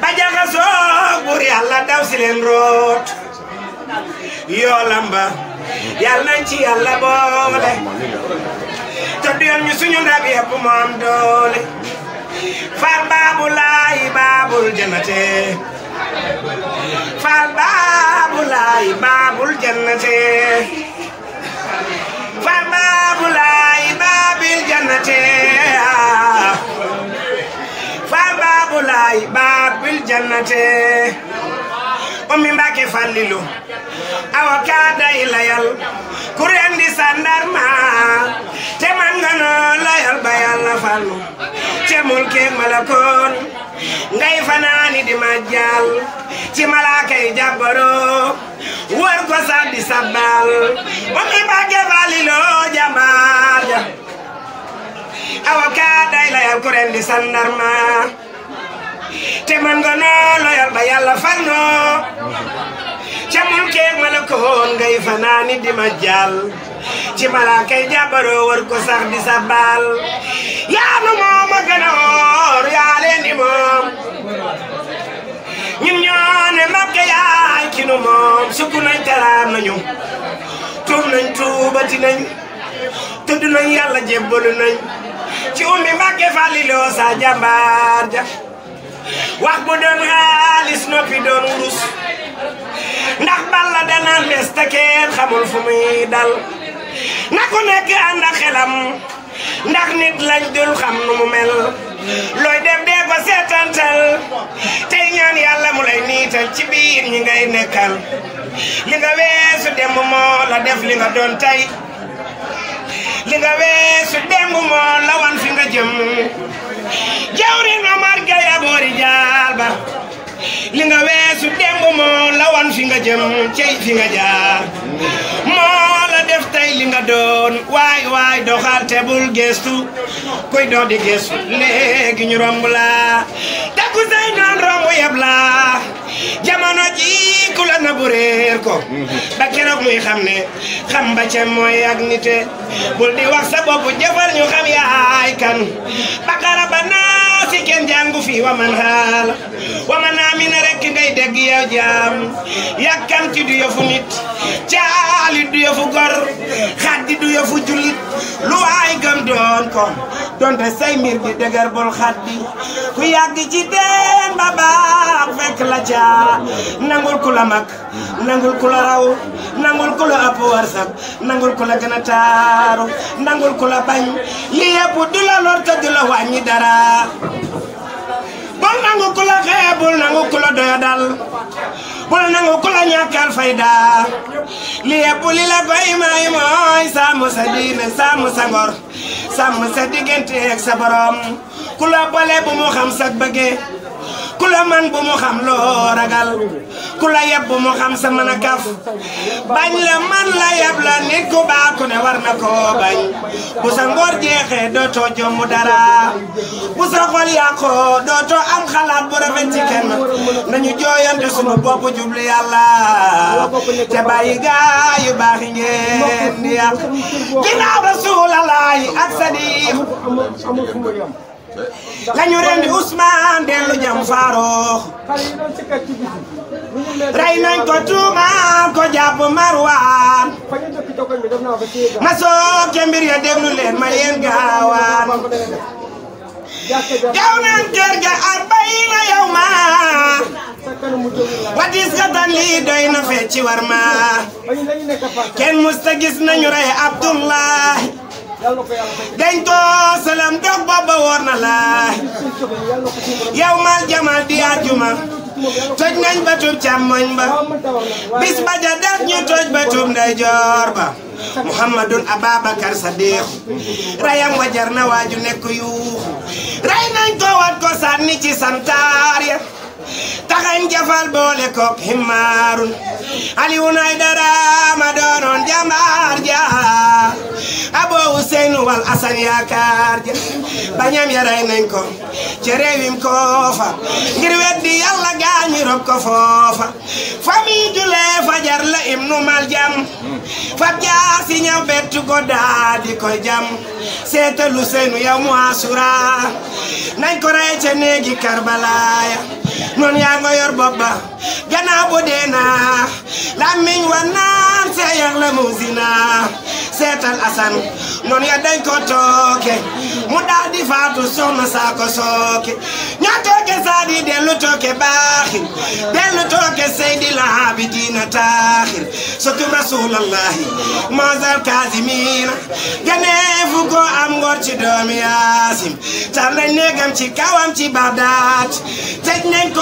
ba jaxasoo buur yàlla daw root yoo lamba yàlla nañ ci yàlla boole toddeel ñu suñu ndab yëpp moom doole faal baabu laay baabul jannate faal baabu laay baabul jannate faal baabu laay baabil jannate fal baabu laay baabil jannate ummi Mbàkke Fallilu awa kaada i layal ku rendi sandarma te man nga noo layal ba Yàlla fallu te mulke malakoon ngay fanaani di majjal ci malaaka yi jàbbaroo war ko sa di sabbal ummi Mbàkke Fallilu jamaar avocat day layal ku ren di sandarma te man nga noo loyal ba yàlla fal noo ca mun keeg ma la ko fanaani di ma jàll ci malaakay jàbbaroo war ko sax di sa yaa nu moom a gën a woor yaa leen moom ñun ñoo ne Mbacké ki nu moom sukk nañ taraar nañu tuub nañ tuubati nañ tudd nañ yàlla jébbalu nañ cuumi Mbàkke faliloo sa jàmbaar ja wax bu doon xaalis noppi doon wurus ndax balla danaan bes te kenn xamul fu muy dal na ku nekk ànd ak xelam ndax nit lañ dul xam nu mel looy def dee ko seetantal tey ñaan yàlla mu lay niital ci biir ñi ngay nekkal li nga weesu démb moo la def li nga doon tey li nga weesu démb moo lawan fi li nga weesu démb moo la wan fi nga jëm cey fi nga jaar moo la def li nga doon waay waay doxal te bul gestu kuy di gestu léegi ñu romb la takku say noon romb yeb la jamono ji ku la nabu réer ko ba keroog muy xam ne xam ba ca mooy ak nite bul di wax sa bopp ñu xam yaay kan bakara ba naa si jàngu fi waman xaal waman naa amina rekk ngay dégg yow jaam yàkkamti du yëfu nit caali du yëfu gor xaddi du yëfu jullit lu waay gëm doon ko donte say mbir di dëgër xaddi ku yàgg ci teen ba baax fekk la caa nangul ku la mag nangul ku la raw nangul ku la ëpp wërsëg nangul ku la gën a taaru nangul ku la bañ li yëpp du la lor du la wàññi dara bul nangu ku la xeeb bul nangu ku la doyadal bul nangu ku la ñàkkal fayda li yëpp li la koy may mooy sàmm sa diine sàmm sa ngor sàmm sa diggante ak sa borom ku la boole bu mu xam sa bëggee ku la man bu mu xam loo ragal ku la yeb bu mu xam sa mën a kaf bañ la man la yeb la nit ku ne war na koo bañ bu sa jeexee dootoo jomb dara bu sa xol yàqoo dootoo am xalaat bu rafet ci kenn nañu jooyante sunu bopp jubli yàlla te bàyyi gaa yu baax yi ngeen di yàq ginnaaw rasulallah ak sadiq lañu rendi Ousmane dellu jam faaroox rey nañ ko tuumaan ko jàpp Marwaan ma soog ca mbir ya déglu leen ma yeen gaawaan jaw naan kër ga arbayiina yow maa watis ka tan lii doy na fecci war maa kenn musta gis nañu rey Abdullahi dañ ko salam dog booba woor na laay yow mal jamal di ajuma toj nañ ba tub càmmoñ ba bis ba ja def ñu toj ba tub ndeyjoor ba muhammadun ababakar sadiq rayam wajar na waaju nekk yuux ray nañ ko wat ko sànni ci santaar ya taxañ jafal boole kook himmaarun Aliou nay dara ma doonoon jàmbaar ja Abou wal Assane yaakaar ja bañam yaray nañ ko ca koofa ngir weddi yàlla gaañi rob ko foofa famille julee fajar la im nu jam fab jaar si bettu ko di koy jam seetal Ousseynou yow mu asura nañ ko rey ca néegi noon yaa nga yor bopp ba gannaaw bu dee naa làmmiñ wa naan la mu seetal asan noon ya dañ tooke mu daal di faatu soxna saa ko sooke ñoo tooke saa di dellu tooke baaxil dellu tooke seydi la abidina taaxil sotum rasulallahi mazal kasimina ganeefu ko am ngor doomi yaasim tar nañ ci kawam ci bagdaat tëj ko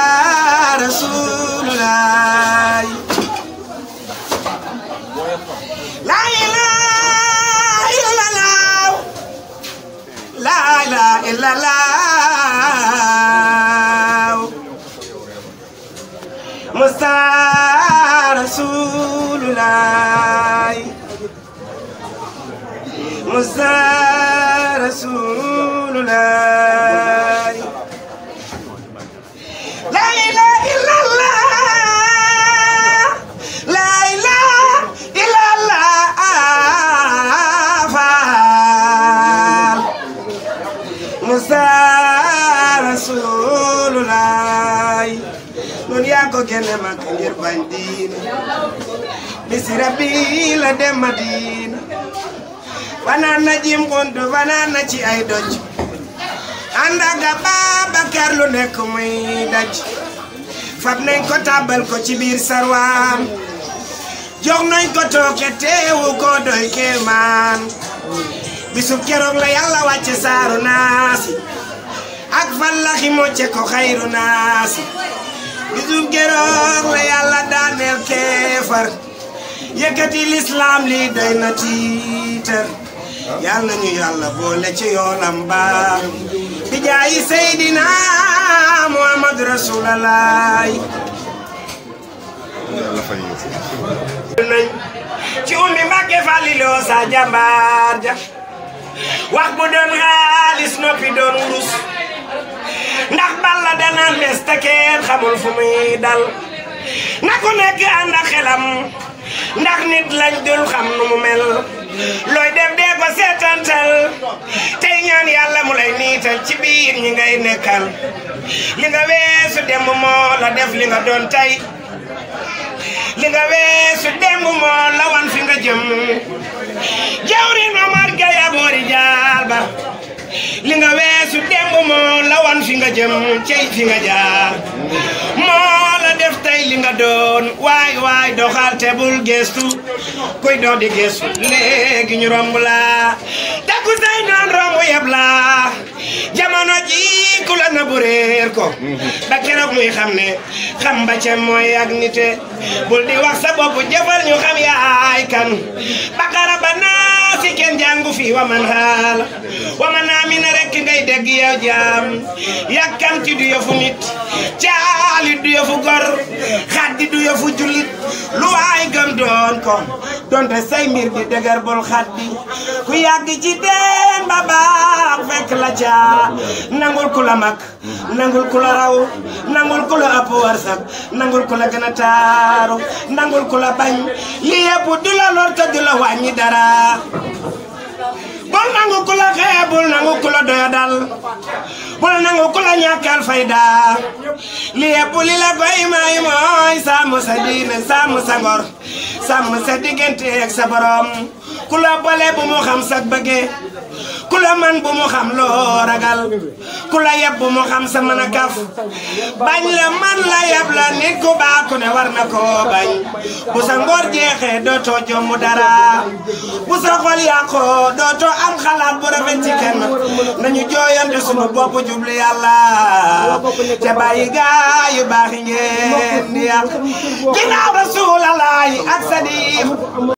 رسول الله لا إله إلا الله لا إله إلا الله مصطفى رسول الله مصطفى رسول الله لا إله إلا Isa Rasulullaay nun yaa ko génne Makka ngir bañ diina bisi dem Madina fanaan na jim xuntu fanaan na ci ay doj ànd ak Babakar lu nekk muy daj fab nañ ko ko ci biir sarwaam jox nañ ko tooke teewu ko doy kéemaan bisub keroog la yàlla wàcce saaru naasi ak fallaxi mocce ko xayru naasi bisub keroog la yàlla daaneel keefar yëkkati lislaam li doy na tiitar yàlla ñu yàlla boole ci yoolam baax bi jaayi seydina muhammad rasulalaay wax bu doon xaalis noppi doon wurus ndax balla danaan des te kenn xamul fu muy dal ndax nit lañ dul xam nu mu mel looy def dee ko seetantal tey ñaan yàlla mu lay niital ci biir ñi ngay nekkal li nga weesu demb moo la def li nga doon tey li nga weesu démb moo lawan fi nga jëm jawrin Omar Gueye aboori jaal ba li nga weesu démb moo la wan fi nga jëm cey fi nga jaar moo la def tey doon waay waay doxal te bul gestu kuy doon di gestu léegi ñu romb la takku say noon romb yeb la jamono ji ku la na bu ko ba keroog muy xam ne xam ba ca mooy ak nite bul di wax sa bopp ñu xam yaay kan baqara ba naa si jàngu fi waman xaal waman na rek ngay dégg yow jaam yàkkamti du yëfu nit caali du yëfu gor xaddi du yëfu jullit lu waay gëm doon ko donte say mbir di dëgër xaddi ku yàgg ci teen ba baax fekk la caa nangul ku la mag nangul ku la raw nangul ku la ëpp wërsëg nangul ku la gën a taaru nangul ku la bañ li yëpp du la lor du la wàññi dara bul nangu ku la xeeb bul nangu ku la doyadal bul nangu ku la ñàkkal fayda li yëpp li la koy may mooy sàmm sa diine sàmm sa ngor sa diggante ak sa borom ku la boole bu mu xam sa bëgge ku la man bu mu xam loo ragal ku la yeb bu mu xam sa mën bañ la man la yeb la nit ku baax ku ne war na koo bañ bu sa jeexee dootoo jommu dara bu sa xol yàqoo am xalaat bu rafet ci kenn nañu jooyante sunu bopp jubli yàlla te bàyyi gaa yu baax ngeen di yàq ginnaaw rasulallah ak sadiq